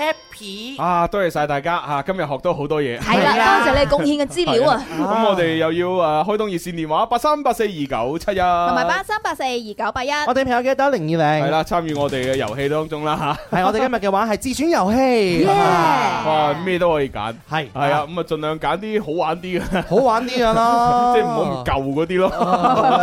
Happy 啊！多謝晒大家吓，今日學到好多嘢。係啦，多謝你貢獻嘅資料啊！咁我哋又要誒開通熱線電話八三八四二九七一同埋八三八四二九八一。我哋朋友記得零二零。係啦，參與我哋嘅遊戲當中啦吓。係我哋今日嘅話係自選遊戲，咩都可以揀，係係啊咁啊盡量揀啲好玩啲嘅，好玩啲嘅咯，即係唔好唔舊嗰啲咯。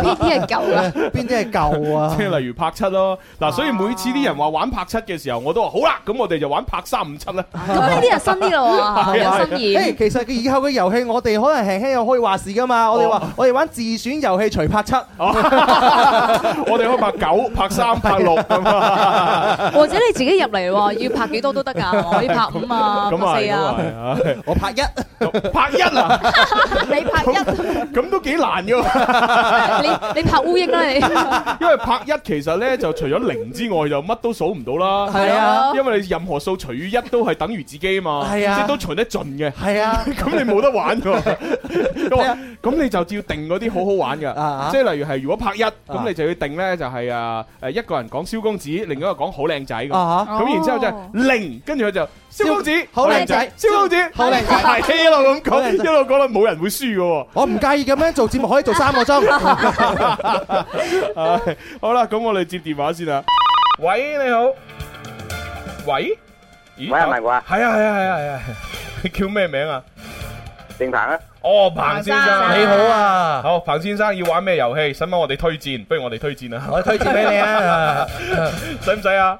邊啲係舊咧？邊啲係舊啊？即係例如拍七咯嗱，所以每次啲人話玩拍七嘅時候，我都話好啦，咁我哋就玩拍。三五七啦，咁呢啲係新啲咯，有新意。誒，其實佢以後嘅遊戲，我哋可能輕輕又可以話事噶嘛。我哋話，我哋玩自選遊戲，除拍七，我哋可以拍九、拍三、拍六咁啊。或者你自己入嚟喎，要拍幾多都得㗎，可以拍五啊、四啊。我拍一，拍一啊，你拍一，咁都幾難㗎。你你拍烏蠅啦你，因為拍一其實咧就除咗零之外就乜都數唔到啦。係啊，因為你任何數除與一都係等於自己啊嘛，即係都循得盡嘅。係啊，咁你冇得玩喎。咁你就照定嗰啲好好玩噶，即係例如係如果拍一，咁你就要定咧就係啊誒，一個人講蕭公子，另一個講好靚仔咁。咁然之後就零，跟住佢就蕭公子，好靚仔，蕭公子，好靚仔，一路咁講，一路講到冇人會輸嘅。我唔介意咁樣做節目，可以做三個鐘。好啦，咁我哋接電話先啦。喂，你好。喂。唔係啊，唔係啊，係啊，係啊，係啊！你叫咩名啊？姓彭啊？哦，彭先生，你好啊！好，彭先生要玩咩遊戲？使乜我哋推薦，不如我哋推薦啊！我推薦俾你啊，使唔使啊？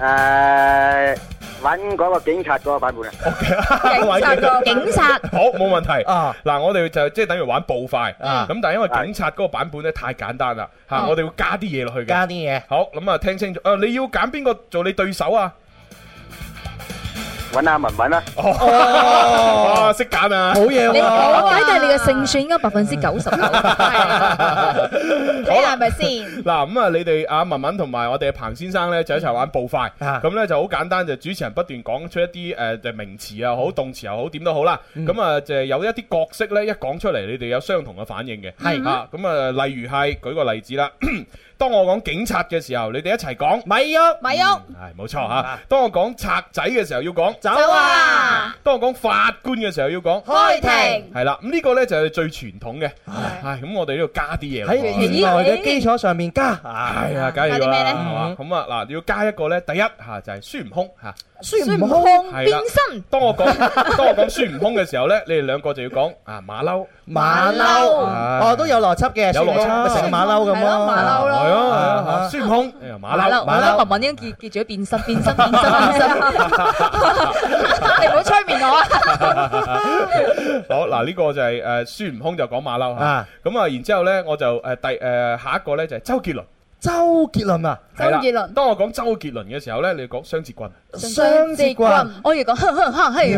誒，揾嗰個警察嗰個版本啊！警察，警察，好，冇問題啊！嗱，我哋就即係等於玩步快。啊！咁但係因為警察嗰個版本咧太簡單啦，吓，我哋要加啲嘢落去嘅。加啲嘢。好，咁啊，聽清楚，誒，你要揀邊個做你對手啊？揾阿文文啦，哦，識揀啊，冇嘢，你解嘅你嘅勝算應該百分之九十九，係咪先？嗱，咁啊，你哋阿文文同埋我哋彭先生咧就一齊玩步快。咁咧就好簡單，就主持人不斷講出一啲誒，就名詞又好，動詞又好，點都好啦。咁啊，就有一啲角色咧一講出嚟，你哋有相同嘅反應嘅，係啊。咁啊，例如係，舉個例子啦。當我講警察嘅時候，你哋一齊講咪喐咪喐。係冇錯吓，當我講賊仔嘅時候要講走啊。當我講法官嘅時候要講開庭。係啦、嗯，咁呢、這個呢就係最傳統嘅。係咁，我哋呢度加啲嘢喺原來嘅基礎上面加。係啊，梗係、啊哎、要啦。咁啊嗱，要加一個呢。第一吓就係、是、孫悟空吓。啊孫悟空變身。當我講當我講孫悟空嘅時候咧，你哋兩個就要講啊馬騮。馬騮，哦都有邏輯嘅，有邏輯成馬騮咁咯。係咯，馬騮咯。係啊，係啊。孫悟空，馬騮，馬騮，慢慢咁結結住變身，變身，變身，變身。你唔好催眠我啊！好，嗱呢個就係誒孫悟空就講馬騮吓。咁啊，然之後咧我就誒第誒下一個咧就係周杰倫。周杰倫啊，周杰倫。當我講周杰倫嘅時候咧，你要講雙截棍。雙截棍，棍我要講，係，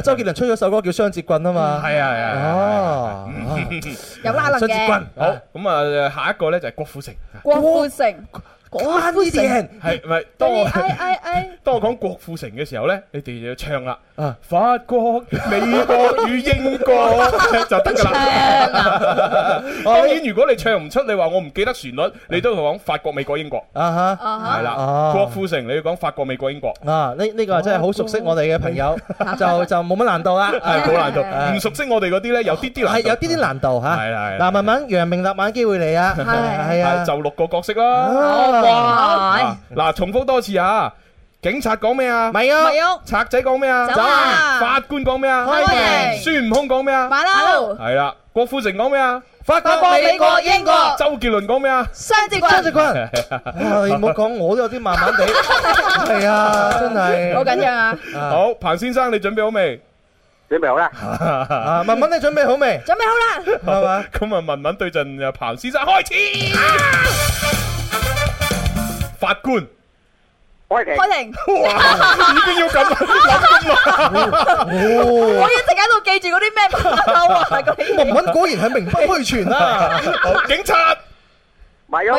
周杰倫出咗首歌叫雙截棍啊嘛。係啊係啊。哦、 嗯，有拉力嘅。雙截棍。好，咁啊 下一個咧就係郭富城。郭富城。 郭富城係咪？當我當我講郭富城嘅時候咧，你哋就要唱啦啊！法國、美國與英國就得噶啦。當然，如果你唱唔出，你話我唔記得旋律，你都係講法國、美國、英國啊哈！係啦，郭富城你要講法國、美國、英國啊！呢呢個真係好熟悉我哋嘅朋友，就就冇乜難度啦。係冇難度，唔熟悉我哋嗰啲咧，有啲啲難係有啲啲難度吓。係係嗱，慢慢楊明立晚機會嚟啊！係係啊，就六個角色啦。好嗱，重複多次啊！警察講咩啊？咪郁，咪郁！賊仔講咩啊？走！法官講咩啊？孫悟空講咩啊？馬騮係啦！郭富城講咩啊？法國、美國、英國。周杰倫講咩啊？雙節棍。雙節棍，你唔好講，我都有啲慢慢哋。係啊，真係好緊張啊！好，彭先生你準備好未？準備好啦。文文你準備好未？準備好啦。係嘛？咁啊，文文對陣阿彭先生開始。法官，開庭，開庭，哇，已經要咁，法官啊，我一直喺度記住嗰啲咩馬騮啊，文文果然係名不虛傳啊，警察，咪郁，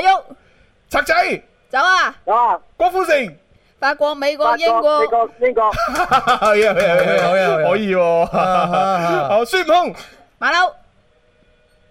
賊仔，走啊，哇，郭富城，法國、美國、英國、英國，係啊，係啊，可以，可以，好，孫悟空，馬騮。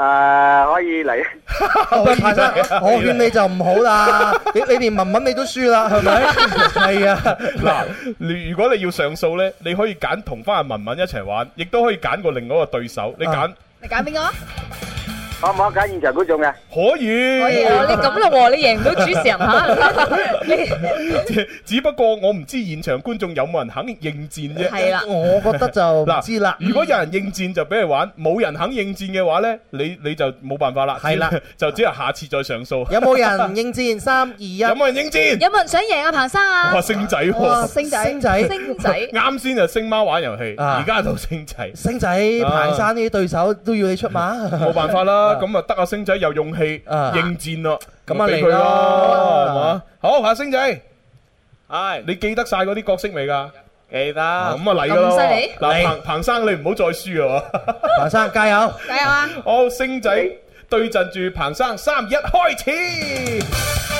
誒，可以嚟，我勸你就唔好啦。你你連文文你都輸啦，係咪？係啊。嗱，如果你要上訴呢，你可以揀同翻阿文文一齊玩，亦都可以揀過另外一個對手。你揀？你揀邊個？可唔可以揀現場觀眾嘅？可以。哦，你咁咯，你贏唔到主持人啊！只不過我唔知現場觀眾有冇人肯應戰啫。係啦，我覺得就嗱知啦。如果有人應戰就俾你玩，冇人肯應戰嘅話咧，你你就冇辦法啦。係啦，就只係下次再上訴。有冇人應戰？三二一。有冇人應戰？有冇人想贏啊，彭生啊？星仔，星仔，星仔。啱先就星貓玩遊戲，而家就星仔。星仔，彭生呢啲對手都要你出馬，冇辦法啦。咁啊，得阿星仔有勇氣應戰咯，咁啊，嚟佢咯。好，阿星仔，係你記得晒嗰啲角色未噶？記得。咁啊，嚟咯，咁犀利，嚟。嗱，彭彭生你唔好再輸啊，彭生加油，加油啊！好，星仔對陣住彭生三一，開始。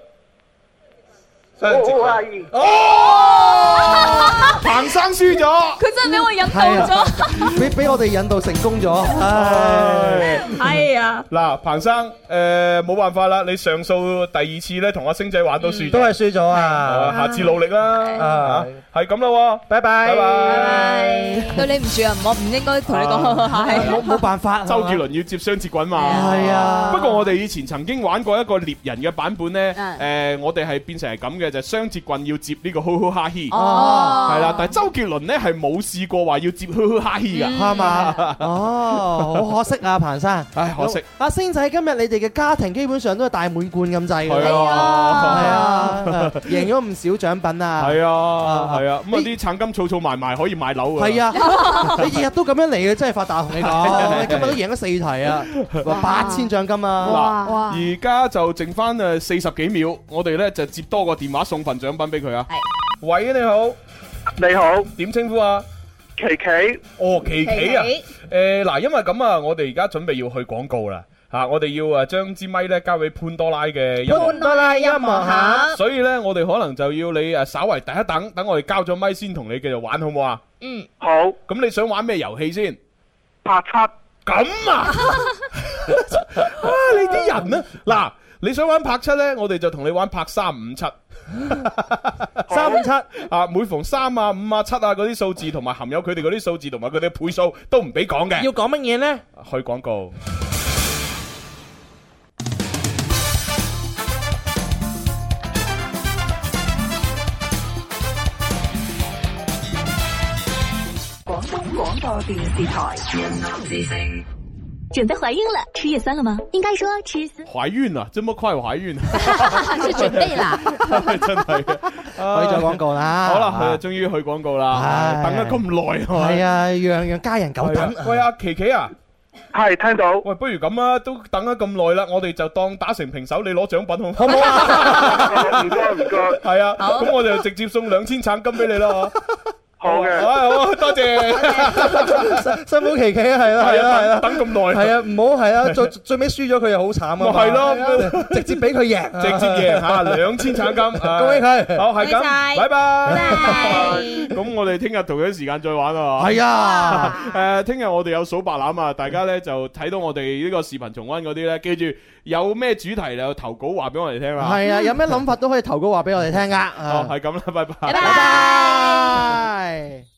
好得意！哦，彭生輸咗，佢真係俾我引導咗，俾俾我哋引導成功咗，係啊。嗱，彭生，誒，冇辦法啦，你上訴第二次咧，同阿星仔玩到輸，都係輸咗啊。下次努力啦，啊，係咁咯，拜拜。對你唔住啊，我唔應該同你講，係冇冇辦法，周杰倫要接雙節棍嘛，係啊。不過我哋以前曾經玩過一個獵人嘅版本咧，誒，我哋係變成係咁嘅。就雙節棍要接呢個呼呼哈氣哦，係啦。但係周杰倫咧係冇試過話要接呼呼哈氣噶，係嘛？哦，好可惜啊，彭生，唉，可惜。阿星仔，今日你哋嘅家庭基本上都係大滿貫咁滯嘅，係啊，係啊，贏咗唔少獎品啊，係啊，係啊。咁啊，啲獎金儲儲埋埋可以買樓嘅，係啊。你日日都咁樣嚟嘅，真係發達！你今日都贏咗四題啊，八千獎金啊，哇！而家就剩翻誒四十幾秒，我哋咧就接多個電話。送份獎品俾佢啊！喂，你好，你好，點稱呼啊？琪琪，哦，琪琪啊，誒，嗱，因為咁啊，我哋而家準備要去廣告啦，吓、啊，我哋要啊將支咪咧交俾潘多拉嘅潘多拉音樂，所以咧我哋可能就要你誒稍為等一等等，等我哋交咗咪先同你繼續玩好唔好啊？嗯，好。咁、嗯、你想玩咩遊戲先？八七咁啊？啊，你啲人啊，嗱。你想玩拍七呢？我哋就同你玩拍三五七， 三五七啊！每逢三啊、五啊、七啊嗰啲數字，同埋含有佢哋嗰啲數字，同埋佢哋嘅倍數都唔俾講嘅。要講乜嘢呢？開廣告。廣東廣播電視台，準備懷孕了，吃葉酸了嗎？應該說吃。懷孕啦，這麼快懷孕？就準備啦。真係，去打廣告啦。好啦，去，終於去廣告啦。等咗咁耐，係啊，讓讓家人久等。喂，啊，琪琪啊，係聽到。喂，不如咁啊，都等咗咁耐啦，我哋就當打成平手，你攞獎品好唔好？唔該，唔該。係啊，咁我就直接送兩千橙金俾你咯。我好，多謝，辛苦琪琪啊，係啦，係啦，係啦，等咁耐，係啊，唔好係啊，最最尾輸咗佢又好慘啊，係咯，直接俾佢贏，直接贏吓，兩千獎金恭喜佢，好係咁，拜拜，拜拜，咁我哋聽日同樣時間再玩啊，係啊，誒，聽日我哋有數白欖啊，大家咧就睇到我哋呢個視頻重溫嗰啲咧，記住。有咩主題就投稿話俾我哋聽啦，係、嗯、啊，有咩諗法都可以投稿話俾我哋聽噶，哦，係咁啦，拜拜，拜拜。拜拜